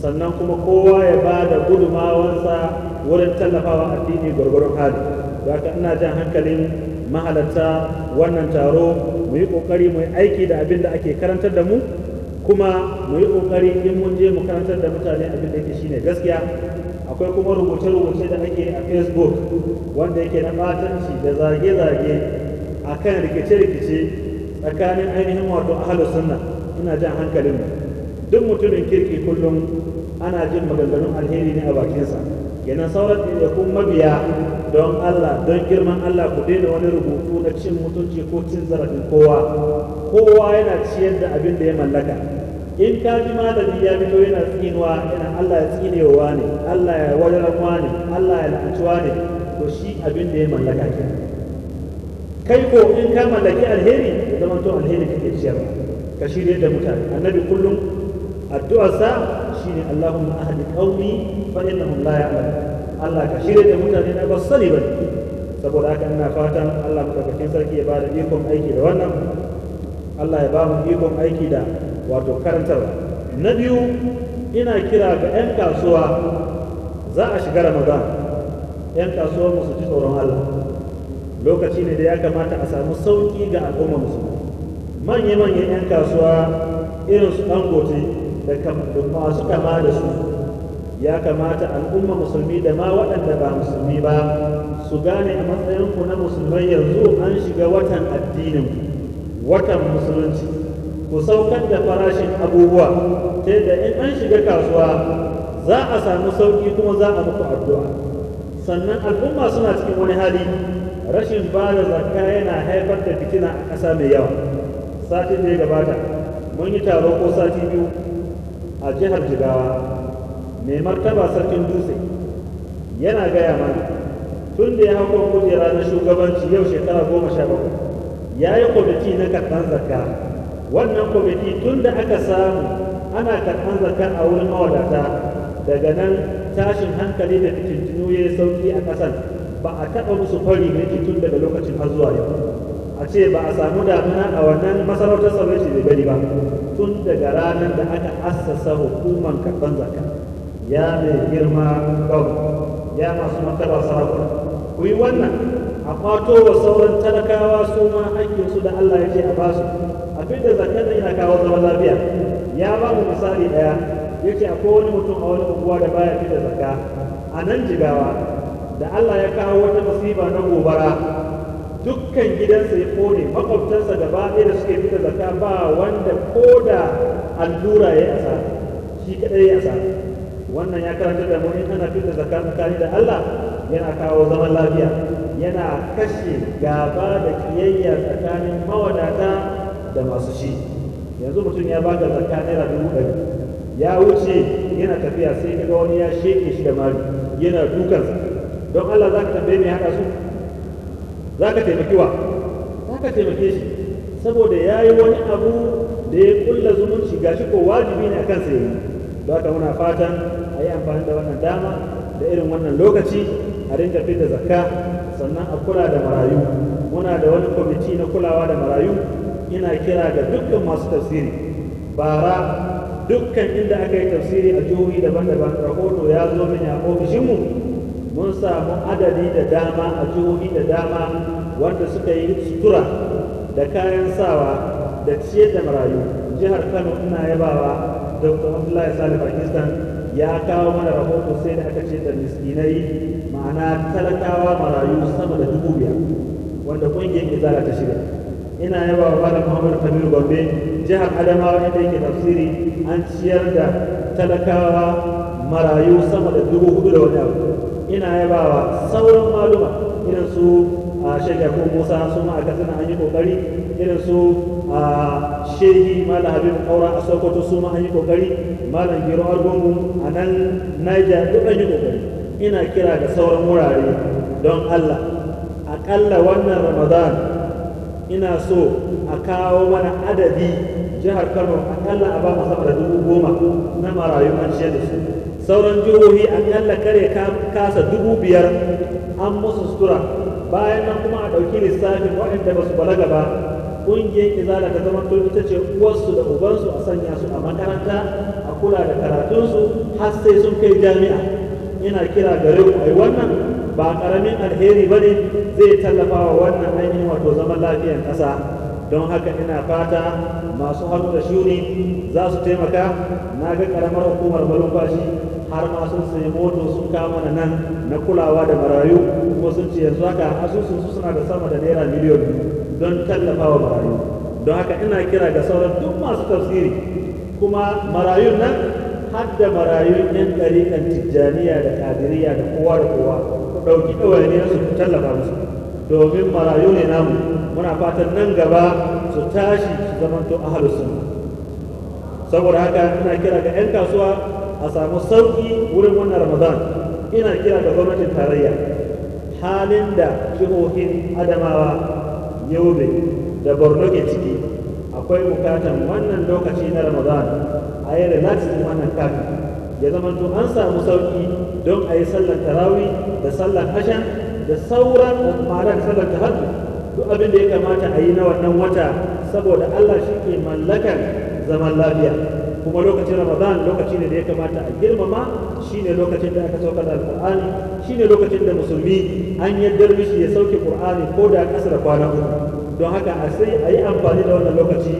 sannan kuma kowa ya ba da gudumawansa wurin tallafawa addini gwargwaron hali ka ina jan hankalin mahalarta wannan taro mu yi ƙoƙari mu yi aiki da abin da ake karantar da mu kuma mu yi ƙoƙari in mun je mu karantar da mutane abin da yake shine gaskiya akwai kuma rubuce-rubuce da ake a facebook wanda yake na batanci da zage-zage a kan rikice-rikice tsakanin ainihin wato ahalar sunna ina jan hankalin mu duk mutumin kirki kullum ana jin maganganun alheri ne a bakinsa kenan sauran ya kun mabiya don Allah don girman Allah ku daina wani rubutu na cin mutunci ko cin zarafin kowa kowa yana ciyar da abin da ya mallaka in ka ji malami ya fito yana tsinuwa yana Allah ya tsinewa ne Allah ya wajarwa ne Allah ya la'antuwa ne to shi abin da ya mallaka ke. kai ko in ka mallaki alheri ya zama to alheri kake ciyarwa ka shirye da mutane annabi kullum addu'arsa shine Allahumma ahli qaumi fa innahum la ya'lam Allah ka shirya da mutane na ba sani ba saboda haka ina fatan Allah madaukakin sarki ya bada ikon aiki da wannan Allah ya ba mu ikon aiki da wato karantarwa na biyu ina kira ga 'yan kasuwa za a shiga Ramadan 'yan kasuwa musu ji tsoron Allah lokaci ne da ya kamata a samu sauƙi ga al'ummar su. manya-manyan 'yan kasuwa irin su dangote da masu kama da su ya kamata al'umma musulmi da ma waɗanda ba musulmi ba su gane a matsayinku na musulmai yanzu an shiga watan addinin watan musulunci ku saukar da farashin abubuwa ta da in an shiga kasuwa za a samu sauƙi kuma za a muku addu'a sannan al'umma suna cikin wani hali rashin ba da zakka yana haifar da fitina a ƙasa mai yawa sati da ya gabata mun yi taro ko sati biyu a jihar jigawa mai martaba sarkin dutse yana gaya mana tun da ya hako kujera na shugabanci yau shekara goma sha bakwai ya yi kwamiti na karɓar zakka wannan kwamiti tun da aka samu ana karɓar zakka a wurin mawadata daga nan tashin hankali da fitintinu ya sauki a ƙasar ba a taɓa musu kwari ne tun daga lokacin har zuwa yau a ce ba a samu damuna a wannan masarautar salwanci bai bari ba tun daga ranar da aka assasa hukumar karɓar zakka ya mai girma gwamna ya masu makarar sarauta ku yi wannan a kwato wa sauran talakawa su ma su da Allah ya ce a basu a fi da zakar da yana kawo zaman lafiya ya ba mu misali ɗaya ya ce a wani mutum a wani unguwa da baya fi da zaka a nan jigawa da Allah ya kawo wata musiba na gobara dukkan gidansa ya kone makwabtansa gaba ɗaya da suke fita zaka ba wanda ko da allura ya asa shi kaɗai ya asa wannan ya karanta da mu'min ana fita zaka tsakani da Allah yana kawo zaman lafiya yana kashe gaba da kiyayya tsakanin mawadata da masu shi yanzu mutum ya baka zaka naira dubu ɗari ya wuce yana tafiya sai ga wani ya sheke shi da mari yana dukansa don Allah zaka ka tambaye me haɗa su za ka taimaki wa za ka taimake shi saboda ya yi wani abu da ya kulla zumunci ga shi ko wajibi ne a kan ya ba za ka muna fatan a yi amfani da wannan dama da irin wannan lokaci a rinka da zakka sannan a kula da marayu muna da wani kwamiti na kulawa da marayu ina kira ga dukkan masu tafsiri bara dukkan inda aka yi tafsiri a jihohi daban-daban rahoto ya zo mini a ofishinmu mun samu adadi da dama a jihohi da dama wanda suka yi sutura da kayan sawa da ciyar da marayu jihar kano ina yabawa dr abdullahi salih pakistan ya kawo mana rahoto sai da aka ce da miskinai ma'ana talakawa marayu sama da dubu biyar wanda kungiyar zara ta shiga ina yaba wa malam muhammad kabiru gombe jihar adamawa inda yake tafsiri an ciyar da talakawa marayu sama da dubu hudu da wani abu ina yabawa sauran maluma irin su a ko musa su ma aka suna an yi kokari irin su a shehi malam kaura a sokoto su ma an yi kokari malam giro argungu a nan naija duk an yi kokari ina kira ga sauran wurare don allah aƙalla wannan ramadan ina so a kawo mana adadi jihar kano akalla a ba mu sama da dubu goma na marayu an ciyar da su sauran jihohi yalla kare kasa dubu biyar an musu sutura bayan nan kuma a ɗauki lissafin waɗanda ba su balaga ba ƙungiyar izala ta zama to ita ce uwarsu da ubansu a sanya su a makaranta a kula da karatunsu har sai sun kai jami'a ina kira gare ku ai wannan ba ƙaramin alheri ba ne zai tallafa wa wannan ainihin wato zaman lafiyar ƙasa don haka ina fata masu hannu da shuni za su taimaka na ga karamar hukumar malumfashi har ma sun sayi moto sun kama na nan na kulawa da marayu ko sun ce yanzu haka asusun su suna da sama da naira miliyon don tallafa wa marayu don haka ina kira ga sauran duk masu tafsiri kuma marayu nan har da marayun yan ɗan tijjaniya da kadiriya da kowa da kowa ku ɗauki ɗawainiyarsu ku tallafa musu domin marayu ne namu muna fatan nan gaba su tashi su zamanto a sunna saboda haka ina kira ga 'yan kasuwa a samu sauƙi wurin wannan ramadan ina kira ga gwamnatin tarayya halin da jihohin adamawa yaube da borno ke ciki akwai bukatan wannan lokaci na ramadan a yi relaxin wannan kafin ya zama an samu sauki don a yi sallar tarawi da sallar ashan da sauran malan sabar ta duk abin da ya kamata a yi na wannan wata saboda Allah shi ke mallakar zaman lafiya kuma lokacin ramadan lokaci ne da ya kamata a girmama shi ne lokacin da aka saukar da alqur'ani ne lokacin da musulmi an yi darbishi ya sauke qur'ani ko da kasar kwana uku don haka a sai a yi amfani da wannan lokaci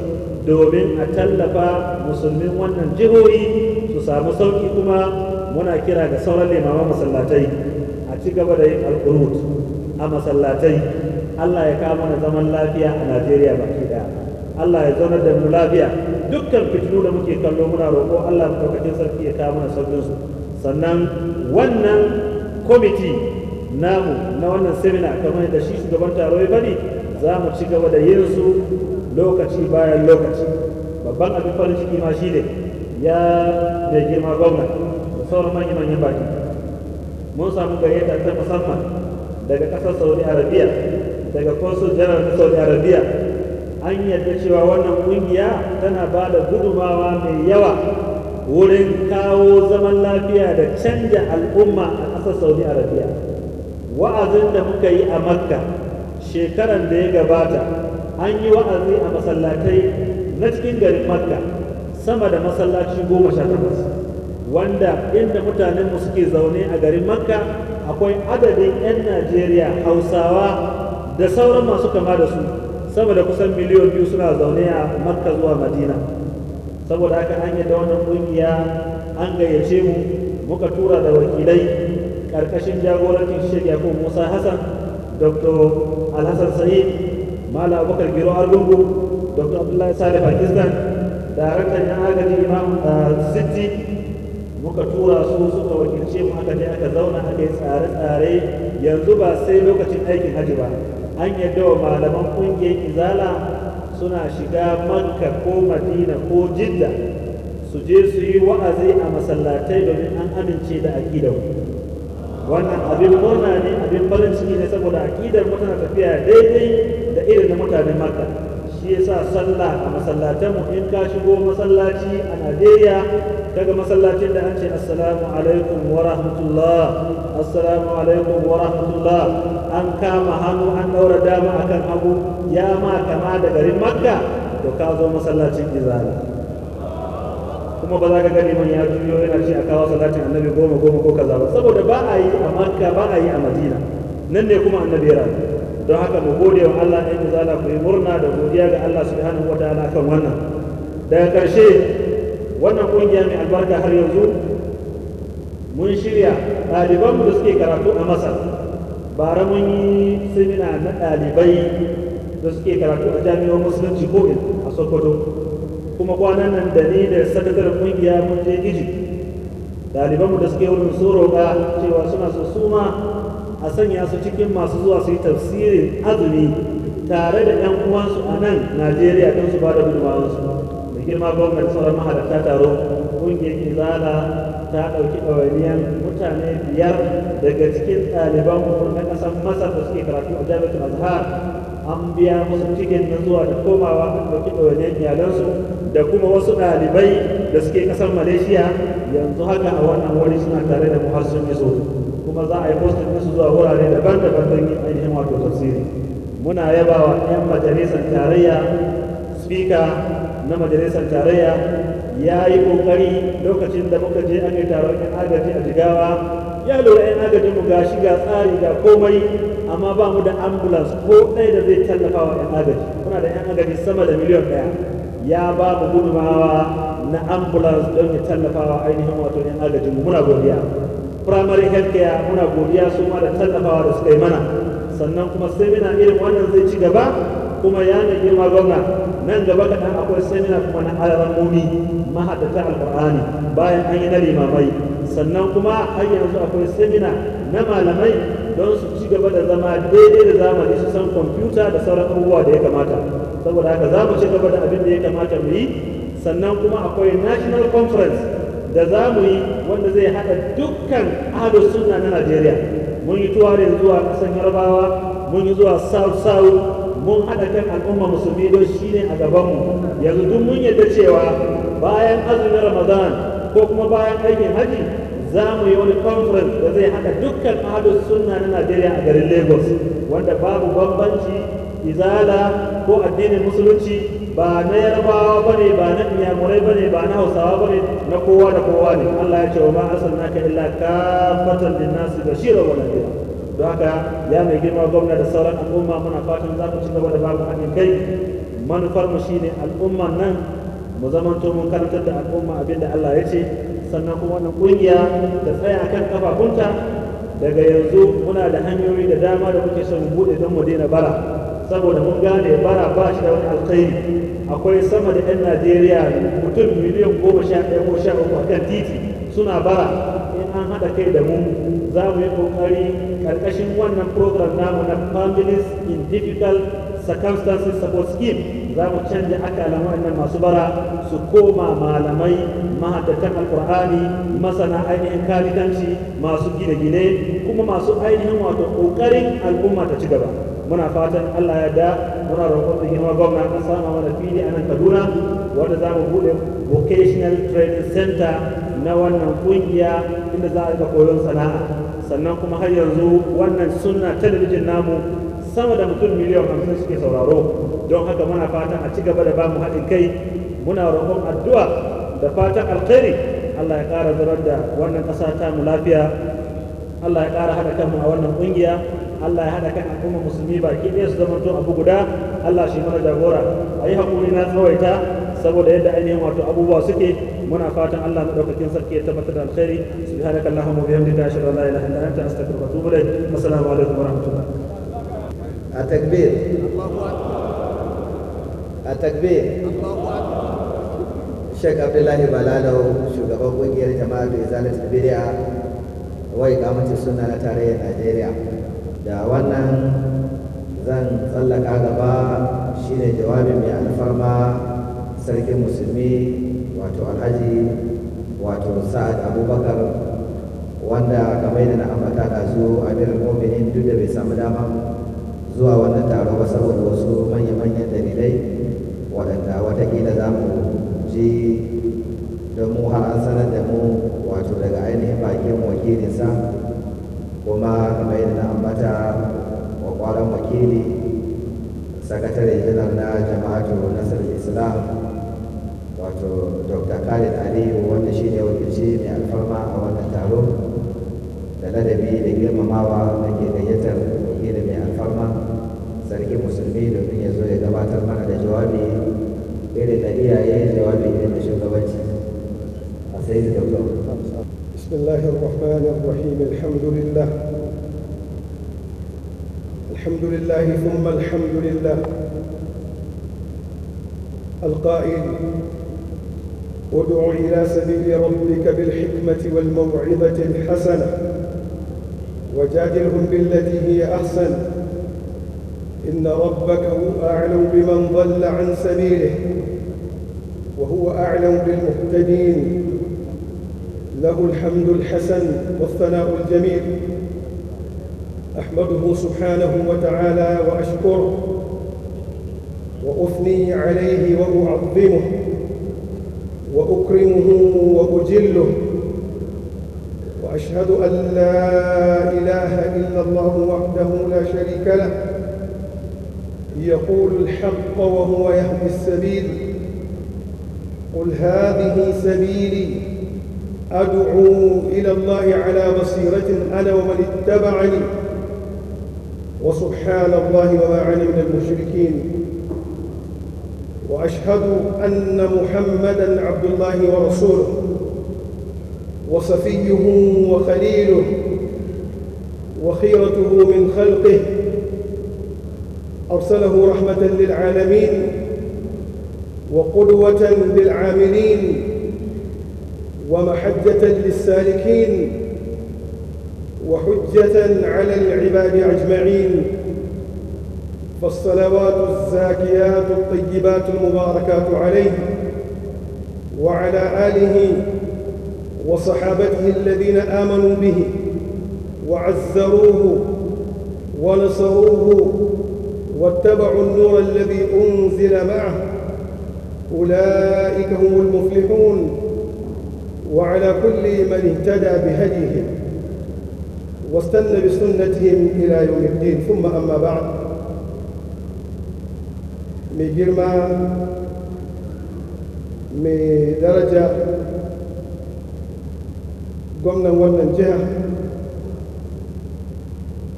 domin a tallafa musulmin wannan jihohi su samu sauki kuma muna kira ga sauran limaman masallatai ci gaba da yin a masallatai Allah ya kawo mana zaman lafiya a Najeriya ba daya Allah ya zaunar da mu lafiya dukkan fitilu da muke kallo muna roƙo Allah madaukakin sarki ya kawo mana saukin su sannan wannan kwamiti namu na wannan semina kamar da shi shugaban taro ya bari za mu ci gaba da yin su lokaci bayan lokaci babban abin farin ciki ma shi ne ya mai girma gwamna da sauran manyan manyan baki mun samu gayyata ta musamman daga ƙasar saudi arabia daga consul general na saudi arabia an yadda cewa wannan ƙungiya tana ba da gudumawa mai yawa wurin kawo zaman lafiya da canja al'umma a ƙasar saudi arabia wa'azin da muka yi a makka shekaran da ya gabata an yi wa'azi a masallatai na cikin garin makka sama da masallaci goma sha takwas wanda yadda mu suke zaune a garin makka akwai adadin 'yan najeriya hausawa da sauran masu kama da su saboda kusan miliyon biyu suna zaune a makka zuwa madina saboda haka an yadda wannan ƙungiya an gayyace mu muka tura da wakilai ƙarƙashin jagorancin shek yakub musa hassan dr alhassan sa'id mala abubakar giro argungu dr abdullahi salih pakistan da yan agaji imam city eh, muka tura su suka wakilce mu aka je aka zauna aka yi tsare-tsare yanzu ba sai lokacin aikin hajji ba an yadda wa malaman ƙungiyar izala suna shiga makka ko madina ko jidda su je su yi wa'azi a masallatai domin an amince da aƙidar wannan abin murna ne abin farin ciki ne saboda aƙidar mu tana tafiya daidai da irin na mutanen makka shi sa sallah a masallatanmu in ka shigo masallaci a najeriya daga masallacin da an ce assalamu alaikum wa rahmatullah assalamu alaikum wa rahmatullah an kama hannu an daura dama akan abu ya ma kama da garin makka to ka zo masallacin izali kuma ba za ka gani man ya juyo yana ce a kawo salatin annabi goma goma ko kaza ba saboda ba a yi a makka ba a yi a madina nan ne kuma annabi ya rayu don haka mu gode wa Allah ɗan izala ku yi murna da godiya ga Allah hannu wa ta'ala kan wannan daga ƙarshe wannan ƙungiya mai albarka har yanzu mun shirya ɗaliban da suke karatu a masar bara mun yi simina na ɗalibai da suke karatu a jami'ar musulunci ko a sokoto kuma kwanan nan da ni da sadatar ƙungiya mun je egypt ɗalibanmu da suke wurin sun roƙa cewa suna so su ma a sanya su cikin masu zuwa su yi tafsirin azumi tare da 'yan uwansu a nan najeriya don su ba da gudunmawarsu da girma gwamnati sauran mahalarta taro ƙungiyar izala ta ɗauki ɗawainiyar mutane biyar daga cikin ɗaliban na ƙasar masar da suke karatu a jami'ar azhar an biya musu cikin na zuwa da komawa an ɗauki ɗawainiyar iyalansu da kuma wasu ɗalibai da suke ƙasar malaysia yanzu haka a wannan wani suna tare da mu har kuma za a yi postin nisu zuwa wurare daban-daban don yin ainihin wato tafsiri muna yaba wa 'yan majalisar tarayya spika na majalisar tarayya ya yi ƙoƙari lokacin da muka je an yi taron 'yan agaji a jigawa ya lura 'yan agajin mu gashi ga tsari ga komai amma ba mu da ambulance ko ɗaya da zai tallafa wa 'yan agaji muna da 'yan agaji sama da miliyan ɗaya ya ba mu gudumawa na ambulance don ya tallafa wa ainihin wato 'yan agajin mu muna godiya primary health care muna godiya su ma da tallafawa da suka yi mana sannan kuma seminar irin wannan zai ci gaba kuma ya ne girma gwamna nan gaba kaɗan akwai semina kuma na alamomi mahaddata alqur'ani bayan an yi na limamai sannan kuma har yanzu akwai semina na malamai don su ci gaba da zama daidai da zamani su san kwamfuta da sauran abubuwa da ya kamata saboda haka za mu ci gaba da abin da ya kamata mu yi sannan kuma akwai national conference da za mu yi wanda zai haɗa dukkan ado sunna na Najeriya mun yi tuwarin zuwa ƙasan Yarbawa mun yi zuwa South South mun haɗa kan al'umma musulmi don shi ne a gabanmu yanzu duk mun yadda cewa bayan azumin Ramadan ko kuma bayan aikin haji za mu yi wani conference da zai haɗa dukkan ado sunna na Najeriya a garin Lagos wanda babu bambanci izala ko addinin musulunci ba na yarbawa ba ne ba na inyamurai ba ne ba na hausawa ba ne na kowa da kowa ne allah ya ce wa ma asal naka illa kafatan lin nasi bashiran wa nadira don haka ya mai girma gwamna da sauran al'umma muna fatan za ku ci gaba da babu haɗin kai manufar mu shine al'umma nan mu zamanto mun karantar da al'umma abinda allah ya ce sannan kuma wannan kungiya da tsaya akan kafafunta daga yanzu muna da hanyoyi da dama da muke son buɗe don mu daina bara saboda mun gane bara ba shi da wani alkhairi akwai sama da 'yan najeriya mutum miliyan goma sha ɗaya ko sha uku a kan titi suna bara in an haɗa kai da mu za mu yi ƙoƙari ƙarƙashin wannan program namu na families in difficult circumstances support scheme za mu canja akalan wannan masu bara su koma malamai mahaddatan alƙur'ani, masana ainihin kalitanci masu gine-gine kuma masu ainihin wato ƙoƙarin al'umma ta ci gaba muna fatan Allah ya da muna roƙon da girma gwamna an sama mana fili a nan Kaduna wanda za mu buɗe vocational training center na wannan ƙungiya inda za a koyon sana'a sannan kuma har yanzu wannan sunna talabijin namu sama da mutum miliyan hamsin suke sauraro don haka muna fatan a ci gaba da bamu haɗin kai muna roƙon addu'a da fatan alkhairi Allah ya ƙara zurar da wannan ƙasa ta mu lafiya Allah ya ƙara haɗa kanmu a wannan ƙungiya Allah ya hada kan al'umma musulmi baki ɗaya su zama abu guda Allah shi mana jagora a yi haƙuri na tsawaita saboda yadda ainihin wato abubuwa suke muna fatan Allah madaukakin sarki ya tabbatar da alkhairi subhanaka allahumma wa bihamdika ashhadu an la ilaha illa anta astaghfiruka wa atubu ilayk assalamu alaikum wa rahmatullah a takbir Sheikh Abdullahi balalau shugaban ƙungiyar jama'ar da izalatul bid'a wai kamacin suna na tarayyar Najeriya da wannan zan tsallaka gaba shine jawabin mai alfarma sarkin musulmi wato alhaji wato sa'ad abubakar wanda kamar da na ambata da su amirin mominin duk da bai samu dama zuwa wannan taro ba saboda wasu manya-manyan dalilai waɗanda watakila za mu ji don mu har an sanar da mu wato daga ainihin bakin wakilinsa kuma kamar yadda ambata kwakwaran wakili sakatare janar na jama'atu nasarar islam wato dr khalid aliyu wanda shi ne wakilci mai alfarma a wannan taro da ladabi da girmamawa da ke gayyatar wakili mai alfarma sarki musulmi domin ya zo ya gabatar mana da jawabi irin da iyaye jawabi irin da shugabanci a sai da بسم الله الرحمن الرحيم الحمد لله الحمد لله ثم الحمد لله القائل ادع إلى سبيل ربك بالحكمة والموعظة الحسنة وجادلهم بالتي هي أحسن إن ربك هو أعلم بمن ضل عن سبيله وهو أعلم بالمهتدين له الحمد الحسن والثناء الجميل احمده سبحانه وتعالى واشكره واثني عليه واعظمه واكرمه واجله واشهد ان لا اله الا الله وحده لا شريك له يقول الحق وهو يهدي السبيل قل هذه سبيلي أدعو إلى الله على بصيرة أنا ومن اتبعني وسبحان الله وما أنا من المشركين وأشهد أن محمدًا عبد الله ورسوله وصفيه وخليله وخيرته من خلقه أرسله رحمة للعالمين وقدوة للعاملين ومحجة للسالكين وحجة على العباد أجمعين فالصلوات الزاكيات الطيبات المباركات عليه وعلى آله وصحابته الذين آمنوا به وعزروه ونصروه واتبعوا النور الذي أنزل معه أولئك هم المفلحون وعلى كل من اهتدى بهديهم واستنى بسنتهم إلى يوم الدين ثم أما بعد من جرما من درجة قمنا ونن جهة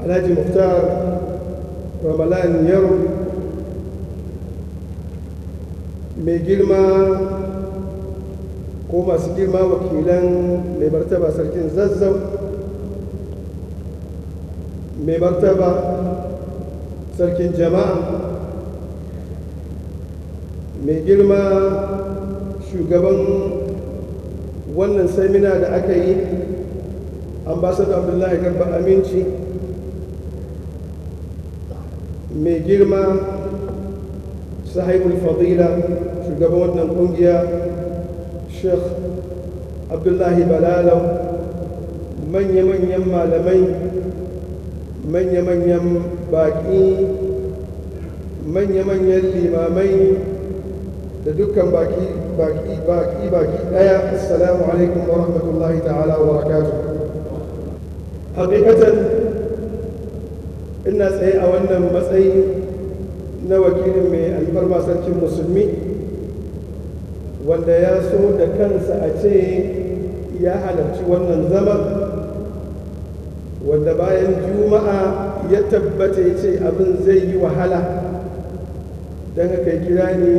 alhaji مختار رملان yaro من جرما ko masu girma wakilan mai martaba sarkin zazzau mai martaba sarkin jama'a mai girma shugaban wannan samina da aka yi ambasada abdullahi garba aminci mai girma sahibul fadila shugaban wannan kungiya sheikh abdullahi balalau manya-manyan malamai manya-manyan baƙi manya-manyan limamai da dukkan baƙi baƙi ɗaya assalamu alaikum wa rahmatullahi ta'ala wa barakatuh haƙiƙatan ina tsaye a wannan matsayi na wakilin mai alfarma sarkin musulmi wanda ya so da kansa a ce ya halarci wannan zama wanda bayan juma'a ya tabbata ya ce abin zai yi wahala don haka kira ne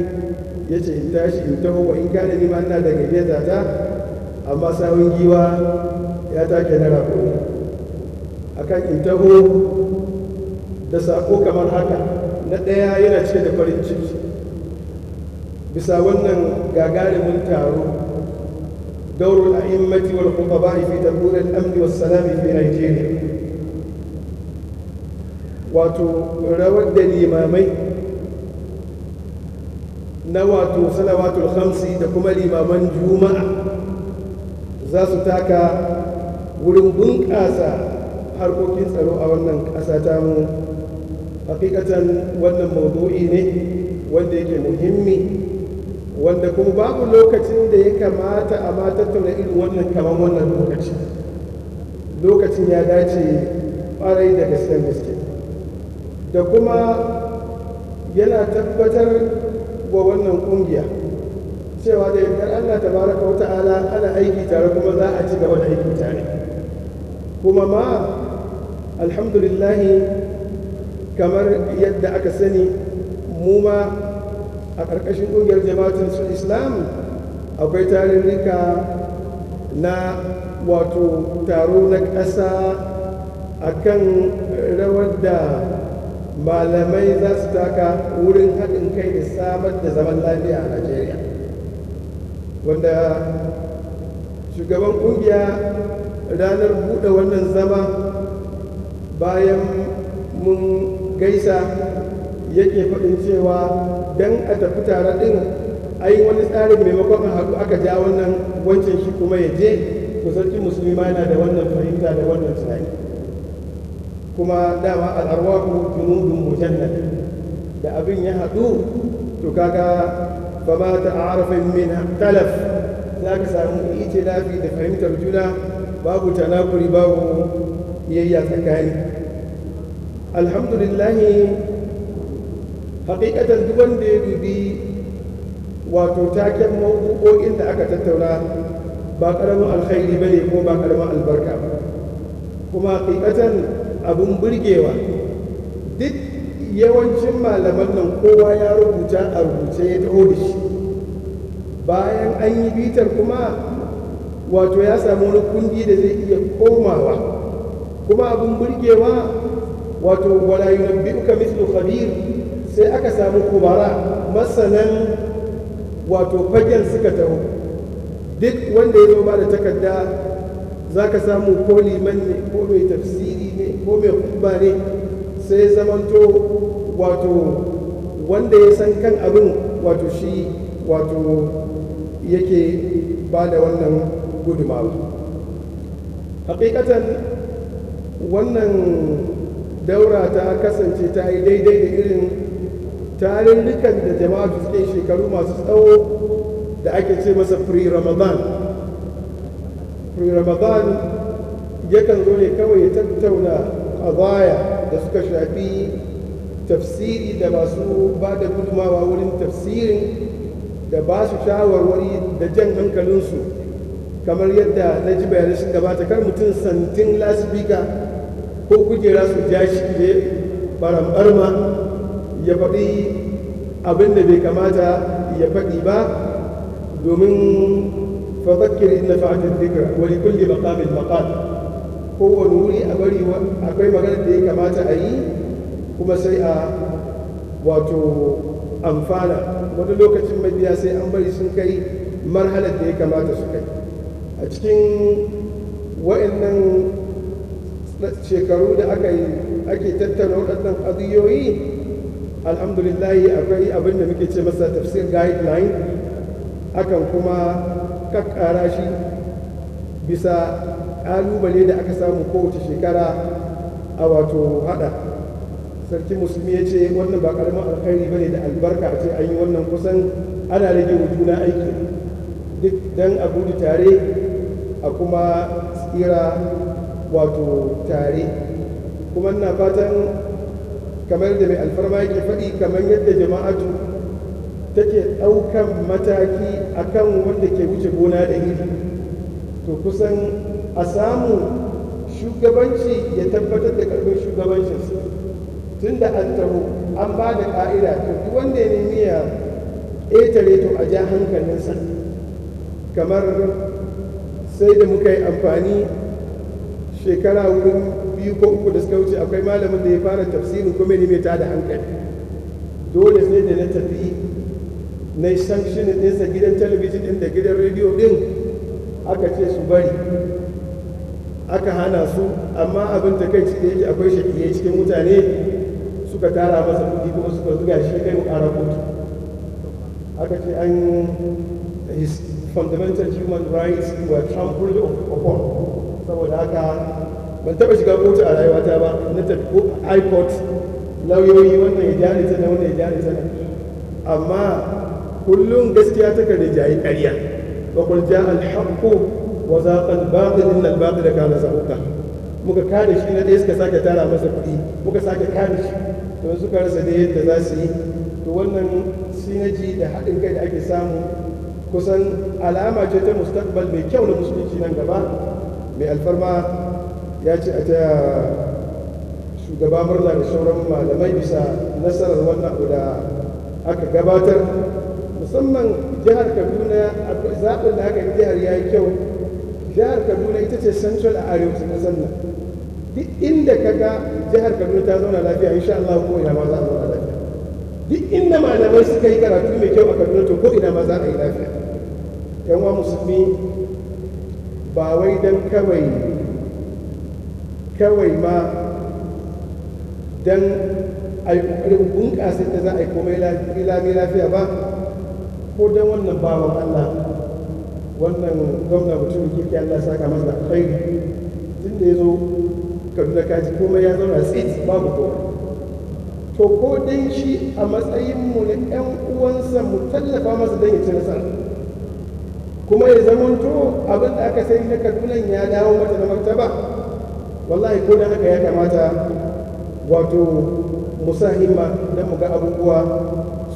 ya ce in tashi in taho wa in gane ni ma ina da ta amma sawun giwa ya take na rago akan in taho da sako kamar haka na ɗaya yana cike da farin ciki bisa wannan gagarumin taro daurin دور الأئمة والخطباء في amni الأمن salami fi Nigeria. wato rawar da limamai na wato salawatul khamsi da kuma limaman juma'a za su taka wurin bunƙasa harkokin tsaro a wannan ƙasa ta mu hakikatan wannan maudu'i ne wanda yake muhimmi wanda kuma babu lokacin da ya kamata a ma tattauna irin wannan kamar wannan lokaci lokacin ya dace kwarai da gaske gaske da kuma yana tabbatar wa wannan ƙungiya. cewa da yankar allah ta baraka wata ala ana aiki tare kuma za a ci gaba da aiki tare kuma ma alhamdulillahi kamar yadda aka sani mu ma a ƙarƙashin ƙungiyar jama'atin su islam akwai tarurruka na wato taro na ƙasa akan rawar da malamai za su taka wurin haɗin kai da samar da zaman lafiya a najeriya wanda shugaban ƙungiya ranar buɗe wannan zama bayan mun gaisa yake faɗin cewa don a tafi tare ɗin yi wani tsarin maimakon a haɗu aka ja wannan wancan shi kuma ya je to sarki musulmi ma yana da wannan fahimta da wannan tunani kuma dama al'arwaku junudun mujannad da abin ya haɗu to kaga ba ma ta arafin min talaf za ka samu ice lafi da fahimtar juna babu tanakuri babu iyayya tsakani alhamdulillah hakikatan duk wanda ya dubi wato taken mawuƙo'in da aka tattauna ba ƙaramin alkhairi ba ne ko ba ƙaramin albarka ba kuma hakikatan abin burgewa duk yawancin malaman nan kowa ya rubuta a rubuce ya taho da shi bayan an yi bitar kuma wato ya samu wani kundi da zai iya komawa kuma abin burgewa wato wala yunabbi'uka mithlu khabir sai aka samu kubara masanan wato fagen suka taho duk wanda ya zo ba da takarda za ka samu ko liman ne ko mai tafsiri ne ko mai kuba ne sai zamanto wato wanda ya san kan abin wato shi wato yake ba da wannan gudumawa hakikatan wannan daura ta kasance ta yi daidai da irin tarurrukan da jama'a suke shekaru masu tsawo da ake ce masa pre-ramadan pre-ramadan yakan zo ne kawai ya tattauna azaya da suka shafi tafsiri da masu ba da gudumawa wurin tafsirin da ba su shawarwari da jan hankalinsu kamar yadda na ji bayanai sun gabata kar mutum santin lasbika ko kujera su ja shi je barambarma ya faɗi abin da bai kamata ya faɗi ba domin fadakir inna fa'atin dhikra wa li kulli maqamin ko kowane wuri a bari akwai magana da ya kamata a yi kuma sai a wato amfana wani lokacin mai biya sai an bari sun kai marhalar da ya kamata su kai a cikin wa'annan shekaru da ake tattara waɗannan ƙadiyoyi alhamdulillahi akwai abin da muke ce masa tafsir guideline akan kuma kakkara shi bisa kalubale da aka samu kowace shekara a wato hada sarki musulmi ya ce wannan ba karamin alkhairi bane da albarka a ce an yi wannan kusan ana rage wa juna aiki duk dan a gudu tare a kuma tsira wato tare kuma ina fatan kamar da mai alfarma yake faɗi kamar yadda jama'atu take ɗaukan mataki a kan wanda ke wuce gona da iri to kusan a samu shugabanci ya tabbatar da ƙarfin shugabancinsa tun da an taho an ba da ƙa'ida to duk wanda ya nemi ya ƙetare to a ja hankalinsa kamar sai da muka yi amfani shekara wurin biyu ko uku da suka wuce akwai malamin da ya fara tafsirin kuma ne mai da hankali dole sai da na tafi na sanction ɗinsa gidan talabijin ɗin da gidan rediyo ɗin aka ce su bari aka hana su amma abin ta kai ciki yake akwai shakiyai cikin mutane suka tara masa kuɗi kuma suka zuga shi kai a kotu aka ce an his fundamental human rights were trampled upon saboda haka ban taɓa shiga mota a rayuwata ba na tafi ko ipod lauyoyi wannan ya jari sana wannan ya jari sana amma kullum gaskiya ta kare jayi ƙarya ba qul ja al wa zaqa al da illa al da kana sauka muka kare shi na ɗaya suka sake tara masa kuɗi muka sake kare shi to suka rasa da yadda za su yi to wannan sinaji da haɗin kai da ake samu kusan alama ce ta mustaqbal mai kyau na musulunci nan gaba mai alfarma ya ce a taya shugaba murna da shauran malamai bisa nasarar wannan abu da aka gabatar musamman jihar kaduna zaɓin da aka yi jihar ya yi kyau jihar kaduna ita ce central a arewacin ƙasar nan duk inda ka ga jihar kaduna ta zauna lafiya insha Allah ko ina ma za a zauna lafiya duk inda malamai suka yi karatu mai kyau a kaduna to ko ina ma za a yi lafiya yan wa musulmi ba wai dan kawai kawai ma don a yi ƙoƙarin bunƙasa da za a yi komai ilami lafiya ba ko don wannan bawan Allah wannan gwamna mutum da kirki Allah saka masa alkhairi tun da ya zo kaduna kaji komai ya zauna tsit babu komai to ko dai shi a matsayinmu na 'yan uwansa mu tallafa masa don ya ci nasara kuma ya zamanto abin da aka sai na kaduna ya dawo mata na martaba wallahi ko da haka ya kamata wato musa himma don muga abubuwa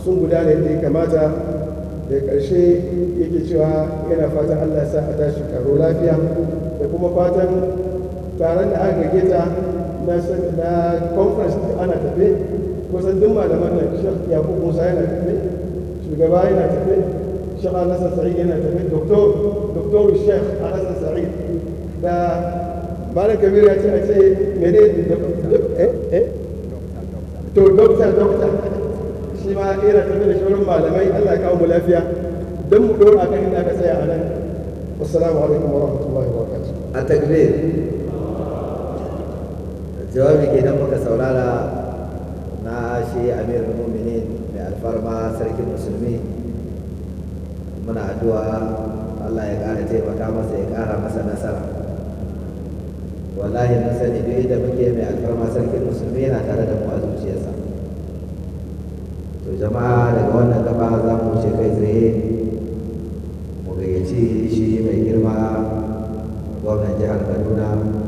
sun gudana yadda ya kamata da ƙarshe yake cewa yana fatan allah sa a tashi karo lafiya da kuma fatan taron da aka gage na conference da ana tafe kusan duk malaman nan shek yakub musa yana tafe shugaba yana tafe shek alhassan sa'id yana tafe doktor doktor shek alhassan sa'id da malam kabir ya ce a ce mene ne eh, eh? to dokta dokta shi ma ira tafi da shirin malamai allah ya kawo mu lafiya don mu ɗora kan inda aka tsaya a nan wassalamu alaikum wa rahmatullahi wa barakatuh a takbir jawabi kenan muka saurara na shi amir muminin mai alfarma sarkin musulmi muna addu'a allah ya ƙara taimaka masa ya ƙara masa nasara wallahi na sani duk inda muke mai alfarma sarkin musulmi yana tare da mu a zuciyarsa to jama'a daga wannan gaba za mu wuce kai tsaye mu gayyaci shi mai girma gwamnan jihar kaduna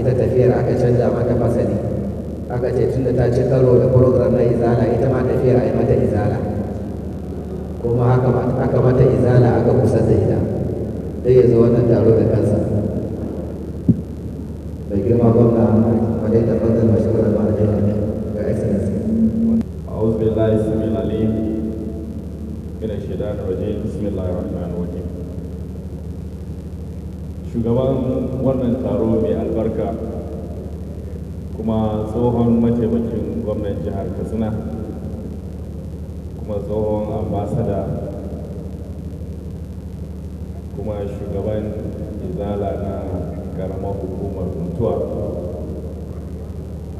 ita tafiyar aka canza mata fasali aka ce tunda ta ci karo da program na izala ita ma tafiyar a yi mata izala kuma aka mata izala aka kusa da ita dai ya zo wannan taro da kansa mai girma gwamna wadai da fadar mashawarar ma'ajiyar ga excellence أعوذ billahi السميع alim ina الشيطان الرجيم بسم الله الرحمن الرحيم shugaban wannan taro albarka kuma tsohon mataimakin gwamnan jihar katsina kuma tsohon ambasada kuma shugaban izala na karamar hukumar mutuwa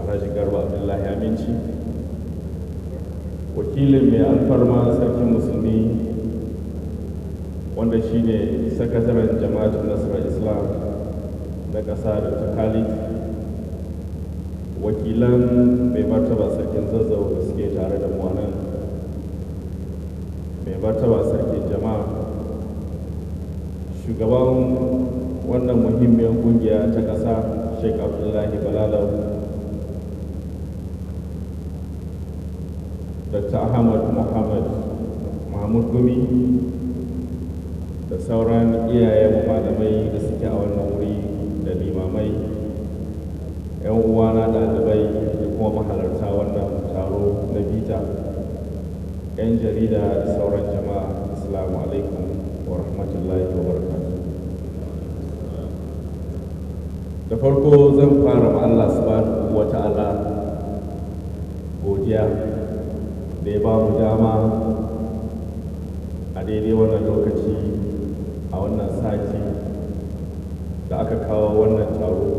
alhaji garba abdullahi aminci wakilin mai alfarma sarkin musulmi wanda shine sakataren jama'atun nasarar islam na ƙasa da kali wakilan mai martaba sarkin zazzau da suke tare da mu nan mai martaba sarkin jama'a shugaban wannan muhimmiyar kungiya ta ƙasa sheik abdullahi balalau dr ahmad muhammad mahmud gumi da sauran iyayen malamai da suke a wannan malamai yan uwana ɗalibai da kuma mahalarta wannan taro na bita yan jarida da sauran jama'a assalamu alaikum wa rahmatullahi wa barakatuh da farko zan fara ma Allah subhanahu wa ta'ala godiya da ya ba mu dama a daidai wannan lokaci a wannan sati da aka kawo wannan taro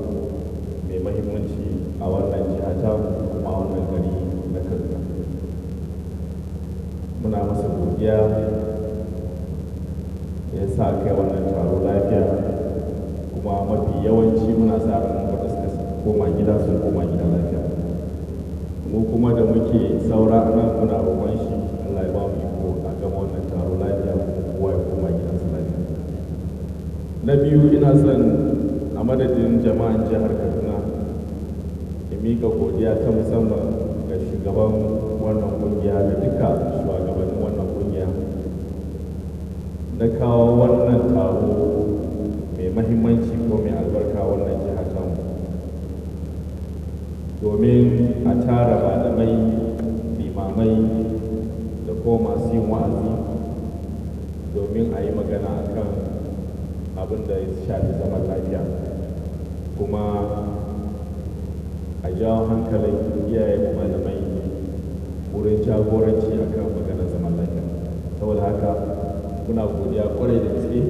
mai mahimmanci a wannan jiha ta kuma wannan gari na kaduna muna masa godiya ya sa kai wannan taro lafiya kuma mafi yawanci muna sa ranar da suka koma gida sun koma gida lafiya mu kuma da muke saura nan muna roƙon shi na biyu ina son a madadin jama'an jihar kaduna in mika godiya ta musamman ga shugaban wannan kungiya da duka shafi zaman lafiya kuma a jawo hankalin iyaye da malamai wurin jagoranci akan maganar zaman lafiya saboda haka muna godiya kwarai da gaske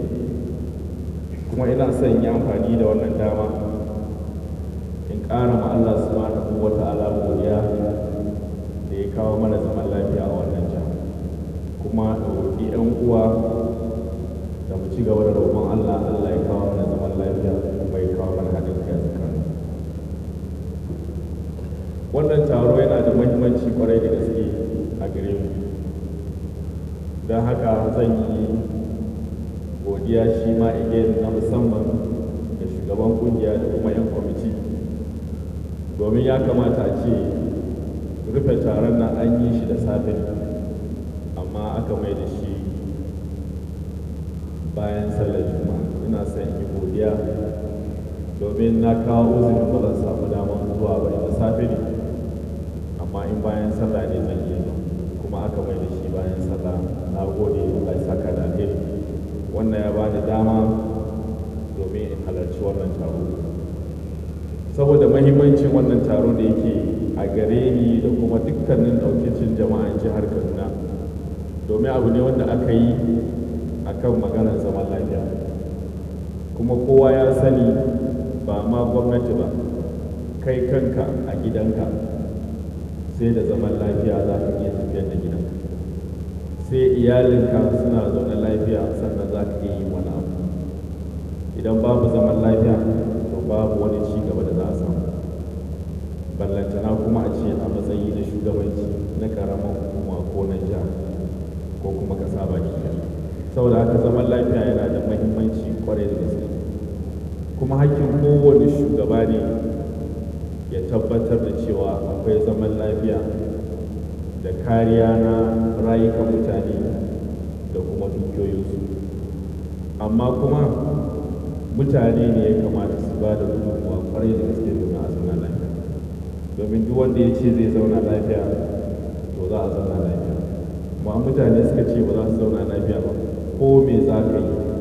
kuma ina son yi amfani da wannan dama gare ni da kuma dukkanin daukacin jama'an jihar kaduna domin abu ne wanda aka yi a kan maganar zaman lafiya kuma kowa ya sani ba ma gwamnati ba kai kanka a gidanka sai da zaman lafiya za ka iya tafiyar da gidanka sai iyalinka suna zaune lafiya sannan za ka iya yi wani abu idan babu zaman lafiya to babu wani ci gaba da za a samu kuma a ce a matsayi na shugabanci na karamar hukuma ko na jiha ko kuma kasa baki saboda haka zaman lafiya yana da mahimmanci kwarai da gaske kuma hakkin kowane shugaba ne ya tabbatar da cewa akwai zaman lafiya da kariya na rayukan mutane da kuma dukiyoyinsu amma kuma mutane ne ya kamata su ba da gudunmawa kwarai da gaske domin a domin duk wanda ya ce zai zauna lafiya to za a zauna lafiya ma mutane suka ce ba za su zauna lafiya ba ko me za ka yi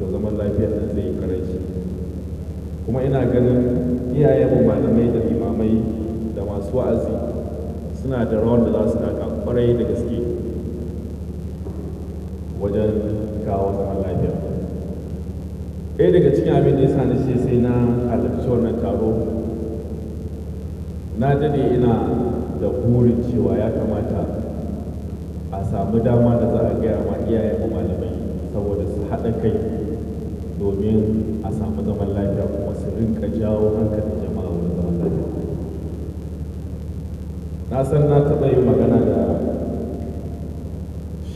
to zaman lafiya nan zai yi karanci kuma ina ganin iyayen malamai da limamai da masu wa'azi suna da rawar da za su taka kwarai da gaske wajen kawo zaman lafiya ɗaya daga cikin abin da ya sa ni sai na halarci wannan taro na dade ina da burin cewa ya kamata a samu dama da za a gaya ma iyayen malamai saboda su haɗa kai domin a samu zaman lafiya kuma su rinka jawo hankalin jama'a wani zaman lafiya na san na taɓa yin magana da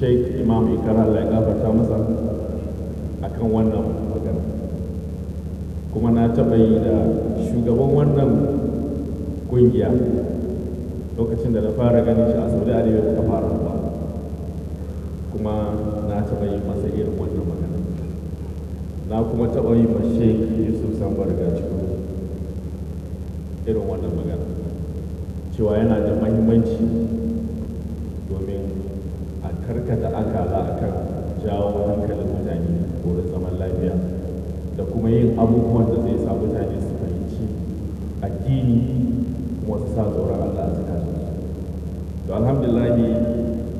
sheik imam ikara Allah ya gafarta masa akan wannan magana kuma na taɓa yi da shugaban wannan kungiya lokacin da na fara ganin shi a saudi arewa ta fara ba kuma na taɓa yi masa irin wannan magana na kuma taɓa yi ma sheik yusuf ga cikin irin wannan magana cewa yana da mahimmanci domin a karkata akala akan jawo hankalin mutane ko da zaman lafiya da kuma yin abubuwan da zai sa mutane su fahimci addini kuma su sa tsoron Allah a su to alhamdulillahi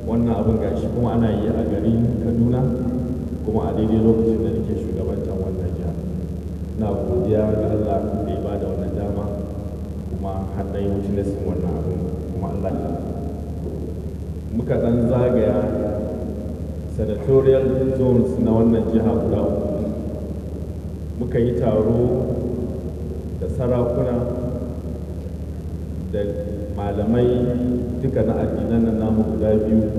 wannan abin gashi kuma ana yi a garin Kaduna kuma a daidai lokacin da nake shugabantar wannan jiha ina godiya ga Allah da ya bada wannan dama kuma har da yawanci na wannan abin kuma Allah ya muka dan zagaya senatorial zones na wannan jiha guda uku muka yi taro da sarakuna da malamai duka na addinan nan namu guda biyu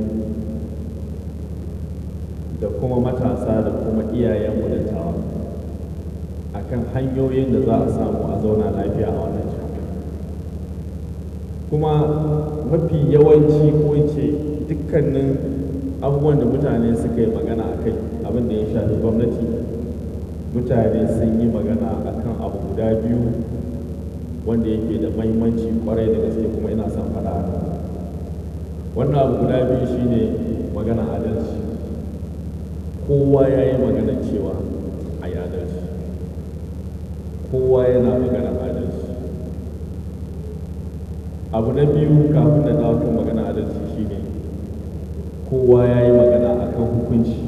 da kuma matasa da kuma iyayenmu da tawa a kan hanyoyin da za a samu a zauna lafiya a wannan jami'a kuma mafi yawanci ko ce dukkanin abubuwan da mutane suka yi magana a kai abin da ya shafi gwamnati mutane sun yi magana akan abu guda biyu wanda yake da mahimmanci kwarai da gaske kuma ina son faɗa wannan abu guda biyu shine magana adalci kowa ya yi magana cewa a yi adalci kowa yana magana adalci abu na biyu kafin da dawo kan magana adalci shine kowa ya yi magana akan hukunci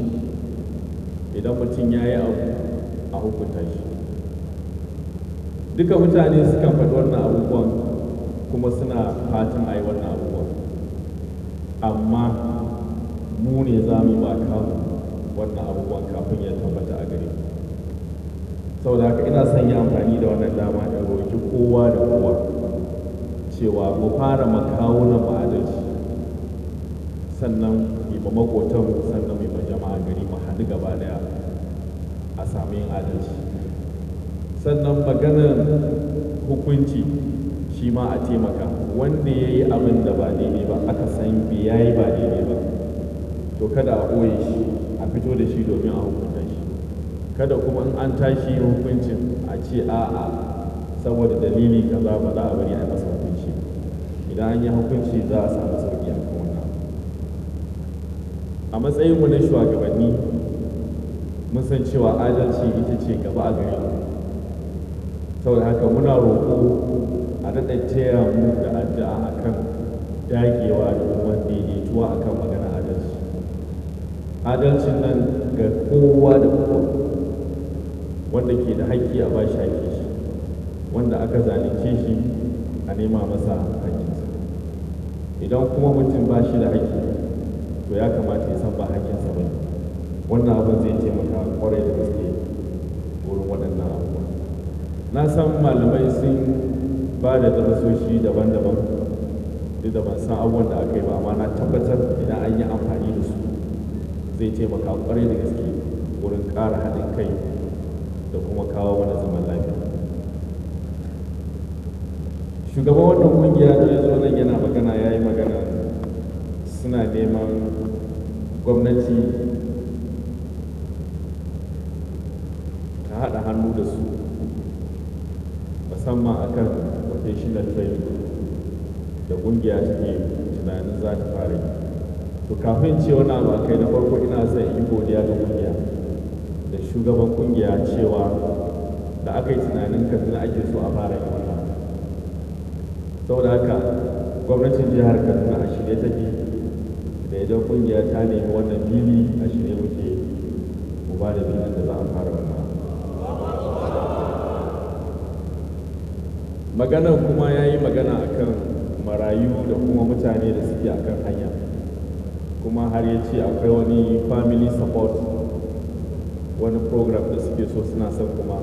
idan mutum ya yi abu a hukunta shi duka mutane sukan faɗi wannan abubuwan kuma suna fatan a yi wannan abubuwan amma mu ne za mu ba kamu wannan abubuwan kafin ya tabbata a gare da haka ina son yi amfani da wannan dama da roƙi kowa da kowa cewa mu fara makawunan mu adalci sannan mu makotan sannan mu jama'a gari mu haɗu gaba daya a sami yin adalci sannan maganar hukunci shi ma a taimaka wanda ya yi abin da ba daidai ba aka san biya yi ba daidai ba to kada a ɓoye shi a fito da shi domin a hukunta shi kada kuma in an tashi hukuncin a ce a'a saboda dalili kaza ba za a bari a masa hukunci idan an yi hukunci za a samu sauƙi a wannan a matsayinmu na shugabanni mun san cewa adalci ita ce gaba a gari. saboda haka muna roƙo a daɗa taya mu da addu'a a kan dagewa da kuma daidaituwa a kan magana adalci adalcin nan ga kowa da kowa wanda ke da haƙƙi a bashi haƙƙi shi wanda aka zalunce shi a nema masa haƙƙinsa idan kuma mutum ba shi da haƙƙi to ya kamata ya san ba haƙƙinsa ba wannan abin zai taimaka kwarai da gaske wurin waɗannan abubuwa na san malamai sun ba da darasoshi daban-daban duk da ban san abubuwan da aka yi ba amma na tabbatar idan an yi amfani da su zai taimaka kwarai da gaske wurin ƙara haɗin kai da kuma kawo mana zaman lafiya shugaban wannan kungiya da ya zo nan yana magana ya yi magana suna neman gwamnati ta haɗa hannu da su musamman akan vocational training da ƙungiya take tunanin za ta fara yi to kafin cewa na ba kai na farko ina son yi godiya ga ƙungiya da shugaban ƙungiya cewa da aka yi tunanin kaduna ake so a fara yi wannan saboda haka gwamnatin jihar kaduna a shirye take da idan ƙungiya ta nemi wannan fili a shirye muke mu ba da filin da za a fara wannan maganar kuma ya yi magana a kan marayu da kuma mutane da suke akan hanya kuma har ya ce akwai wani family support wani program da suke so suna son kuma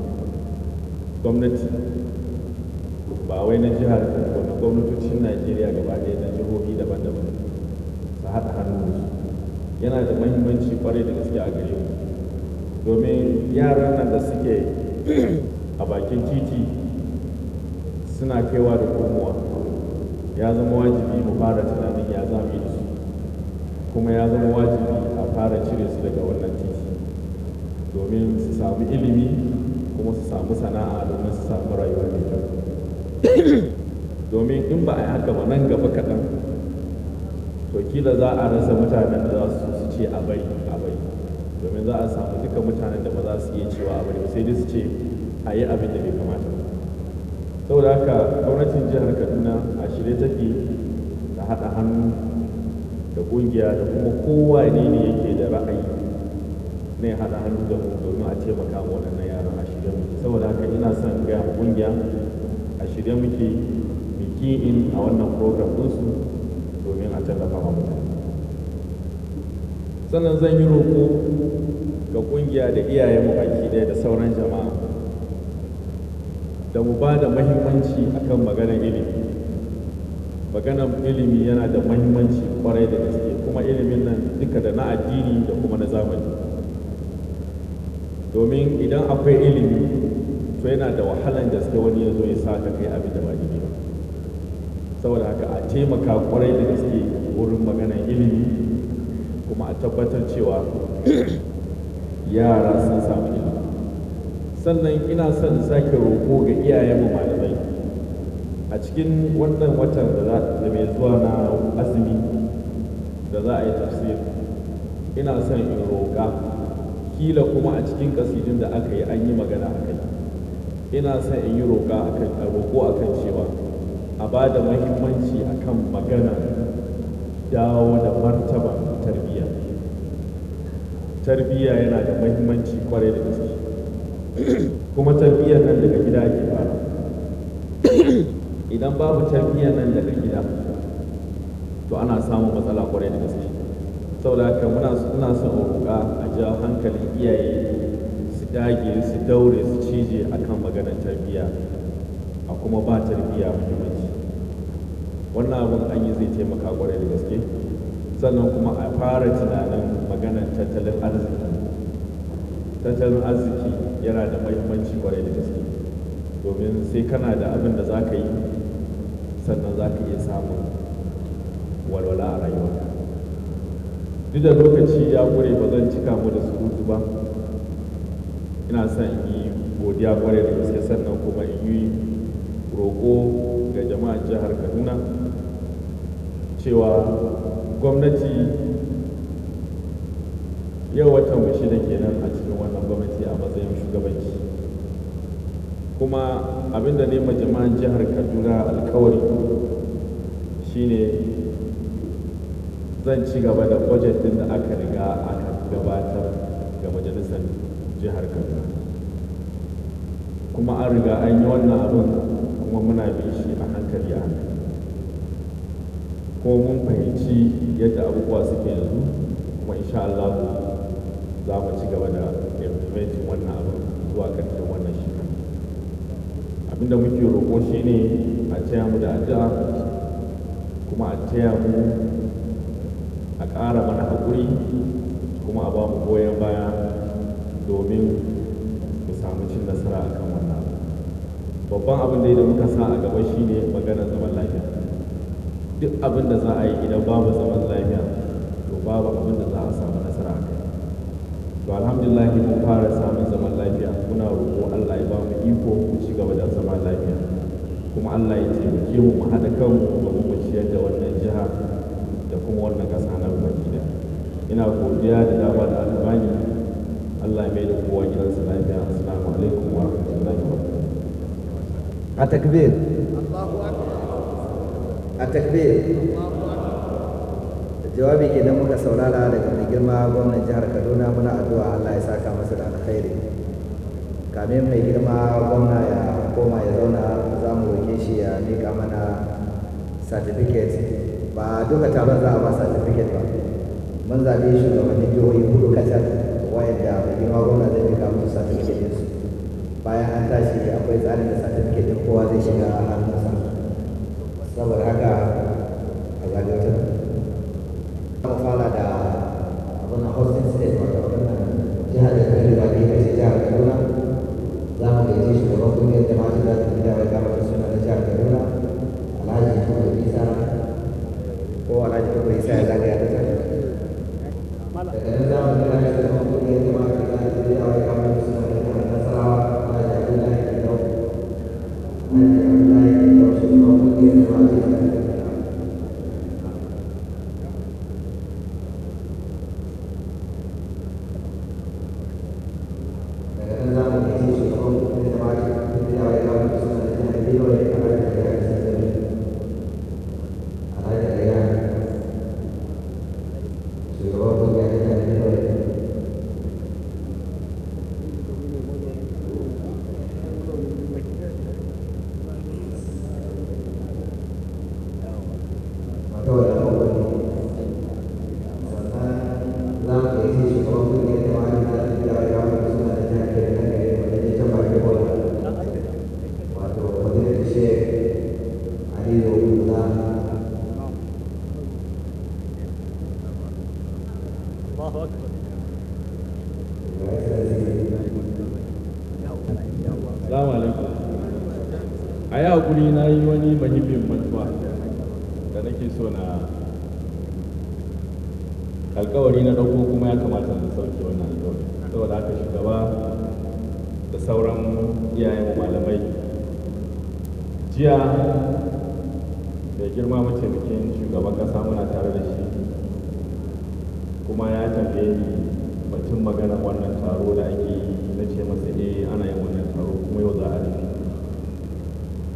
gwamnati ba wai na jihar ko na gwamnatocin najeriya gaba ɗaya na jihohi daban-daban su haɗa hannu yana da mahimmanci kwarai da gaske a gare mu domin yaran nan da suke a bakin titi suna kaiwa da komowa ya zama wajibi mu fara tunanin ya za mu su kuma ya zama wajibi a fara cire su daga wannan titi domin su samu ilimi kuma su samu sana'a domin su samu rayuwa mai kyau (coughs) domin in ba a yi haka ba nan gaba kaɗan to kila za a rasa mutanen da za su ce a bai a bai domin za a samu duka mutanen da ba za su iya cewa a bai sai dai su ce a yi abin da bai kamata saboda haka gwamnatin jihar kaduna a shirye take ta haɗa hannu da ƙungiya da kuma kowa ne ne yake da ra'ayi ne haɗa hannu da mu domin a taimaka ma waɗannan yaran a shirye muke saboda haka ina son gaya ma ƙungiya a shirye muke biki in a wannan program ɗinsu domin a tallafa ma mutane sannan zan yi roƙo ga ƙungiya da iyayen mu baki ɗaya da sauran jama'a da mu ba da mahimmanci akan maganar ilimi maganar ilimi yana da mahimmanci kwarai da gaske kuma ilimin nan duka da na addini da kuma na zamani domin idan akwai ilimi to yana da wahalan gaske wani ya zo ya sa ka kai abin da ba ilimi saboda haka a taimaka kwarai da gaske wurin maganar ilimi kuma a tabbatar cewa (clears throat) yara sun samu ilimi sannan ina son sake roƙo ga iyayenmu malamai a cikin wannan watan da mai zuwa na azumi da za a yi tafsir ina son in roƙa kila kuma a cikin kasidin da aka yi an yi magana a kai ina son in yi roƙa a roƙo a kan cewa a ba da mahimmanci a kan magana dawo da martaba tarbiyya tarbiyya yana da mahimmanci kwarai da gaske kuma tarbiyyar nan daga gida ake fara idan babu tarbiyyar nan daga gida to ana samun matsala kwarai da gaske saboda haka muna ina son roƙa a ja hankalin iyaye su dage su daure su cije akan maganar tarbiyya a kuma ba tarbiyya muhimmanci wannan abin an yi zai taimaka kwarai da gaske sannan kuma a fara tunanin maganar tattalin arziki tattalin arziki yana da mahimmanci kwarai da gaske domin sai kana da abin da za ka yi sannan za ka iya samun walwala a rayuwa. duk da lokaci ya gure ba zan cika mu da surutu ba ina son in yi godiya kwarai da gaske sannan kuma in yi roƙo ga jama'a jihar kaduna cewa gwamnati yau watan shida kenan a cikin wannan gwamnati a matsayin shugabanci kuma abinda ne jama'an jihar kaduna alkawari shine zan ci gaba da budget din da aka riga aka gabatar ga majalisar jihar kaduna kuma an riga an yi wannan abin kuma muna bin shi a hankali a hankali ko mun fahimci yadda abubuwa suke yanzu kuma insha Allah za mu ci gaba da wannan abin zuwa ga wannan shekara abinda muke roƙo ne a taya mu da addu'a kuma a taya mu a ƙara mana haƙuri kuma a ba mu goyon baya domin mu samu cin nasara a kan wannan babban abin da muka sa a gaba ne maganar zaman lafiya duk abin da za a yi idan babu zaman lafiya to babu abin da za a sa to alhamdulillah ki mun fara samun zaman lafiya muna roƙo Allah ya ba mu iko mu ci gaba da zaman lafiya kuma Allah ya taimake mu mu haɗa kanmu domin mu ciyar da wannan jiha da kuma wannan ƙasa na baki ina godiya da dama da alfani Allah ya mai da kowa gidansa lafiya assalamu alaikum wa rahmatullahi wa barakatuh a takbir a takbir jawabi nan muka saurara daga mai girma gwamnan jihar kaduna muna addu'a allah ya saka masa da alkhairi kamin mai girma gwamna ya koma ya zauna za mu roke shi ya miƙa mana certificate ba duka taron za a ba certificate ba mun zaɓi shugabannin jihohi hudu kacal wayanda mai girma gwamna zai miƙa musu certificate su bayan an tashi akwai tsarin da certificate din kowa zai shiga hannunsa saboda haka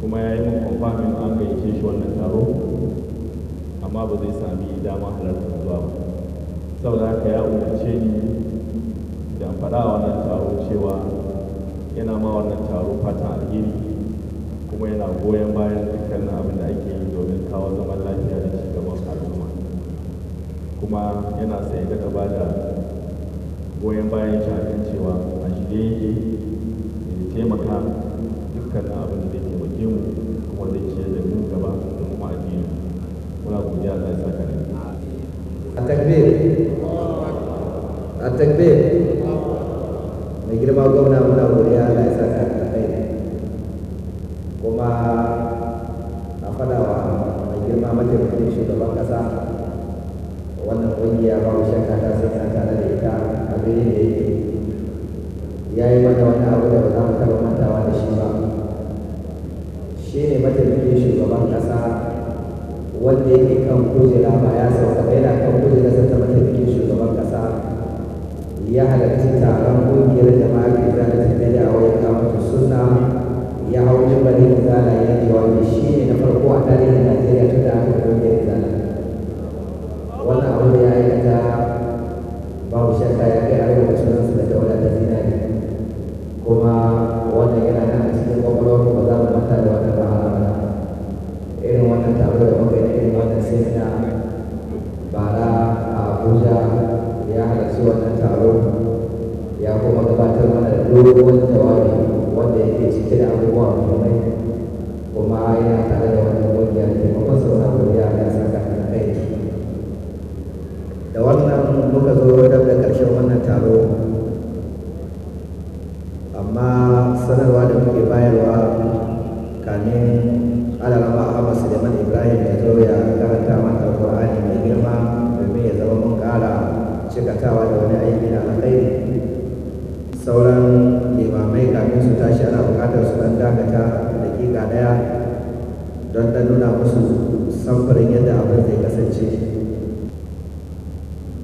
kuma ya yi mun kwamfamin an gayyace shi wannan taro amma ba zai sami dama halartar zuwa ba saboda haka ya umarce ni da faɗa a wannan taro cewa yana ma wannan taro fata alheri kuma yana goyon bayan dukkan abin da ake yi domin kawo zaman lafiya da ci gaban al'umma kuma yana sai daga ba da goyon bayan shi cewa a shirye yake taimaka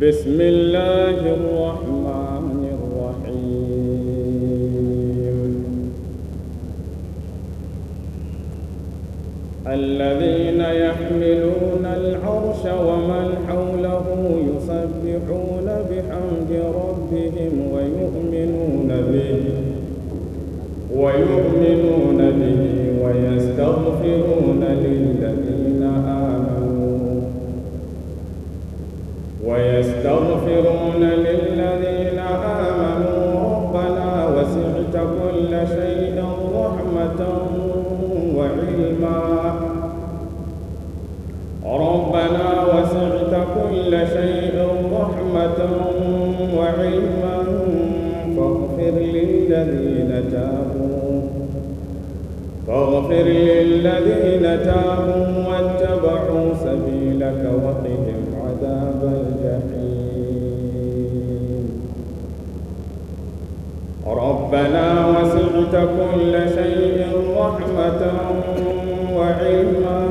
بسم وعلما فاغفر للذين تابوا فاغفر للذين تابوا واتبعوا سبيلك وقهم عذاب الجحيم ربنا وسعت كل شيء رحمة وعلما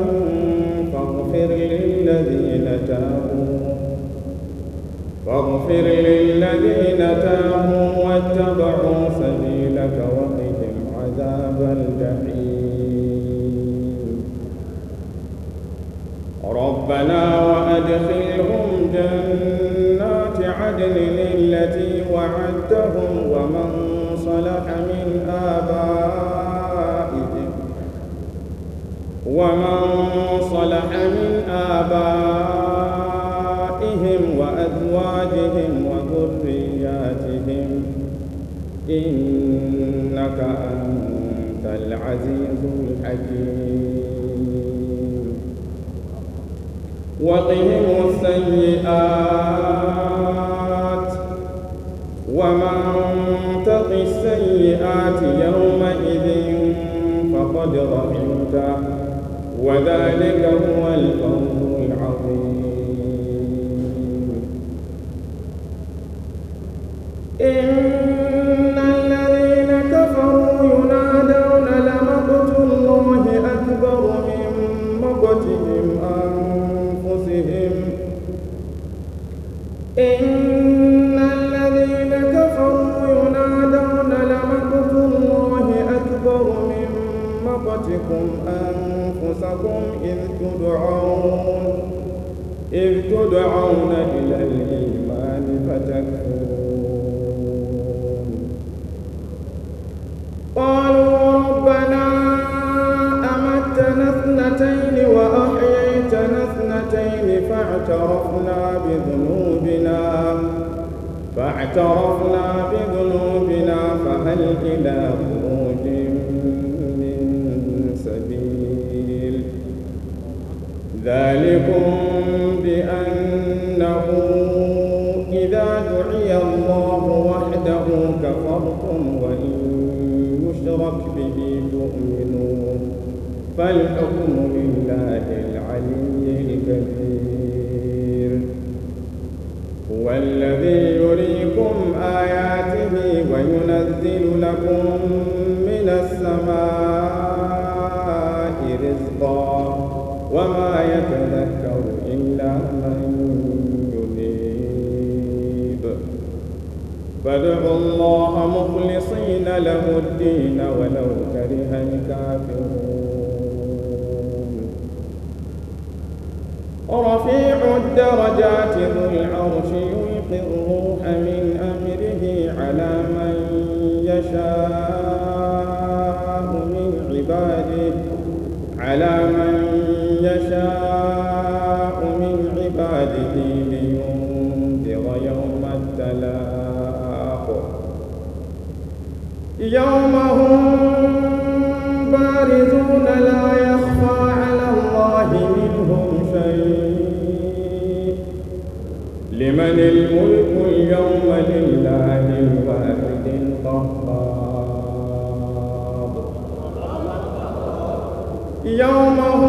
فاغفر للذين تابوا واغفر للذين تابوا واتبعوا سبيلك وقهم عذاب الجحيم ربنا وأدخلهم جنات عدن التي وعدتهم ومن صلح من آبائهم ومن صلح من آبائهم إنك أنت العزيز الحكيم وقهم السيئات ومن تق السيئات يومئذ فقد رحمته وذلك هو الفضل يوم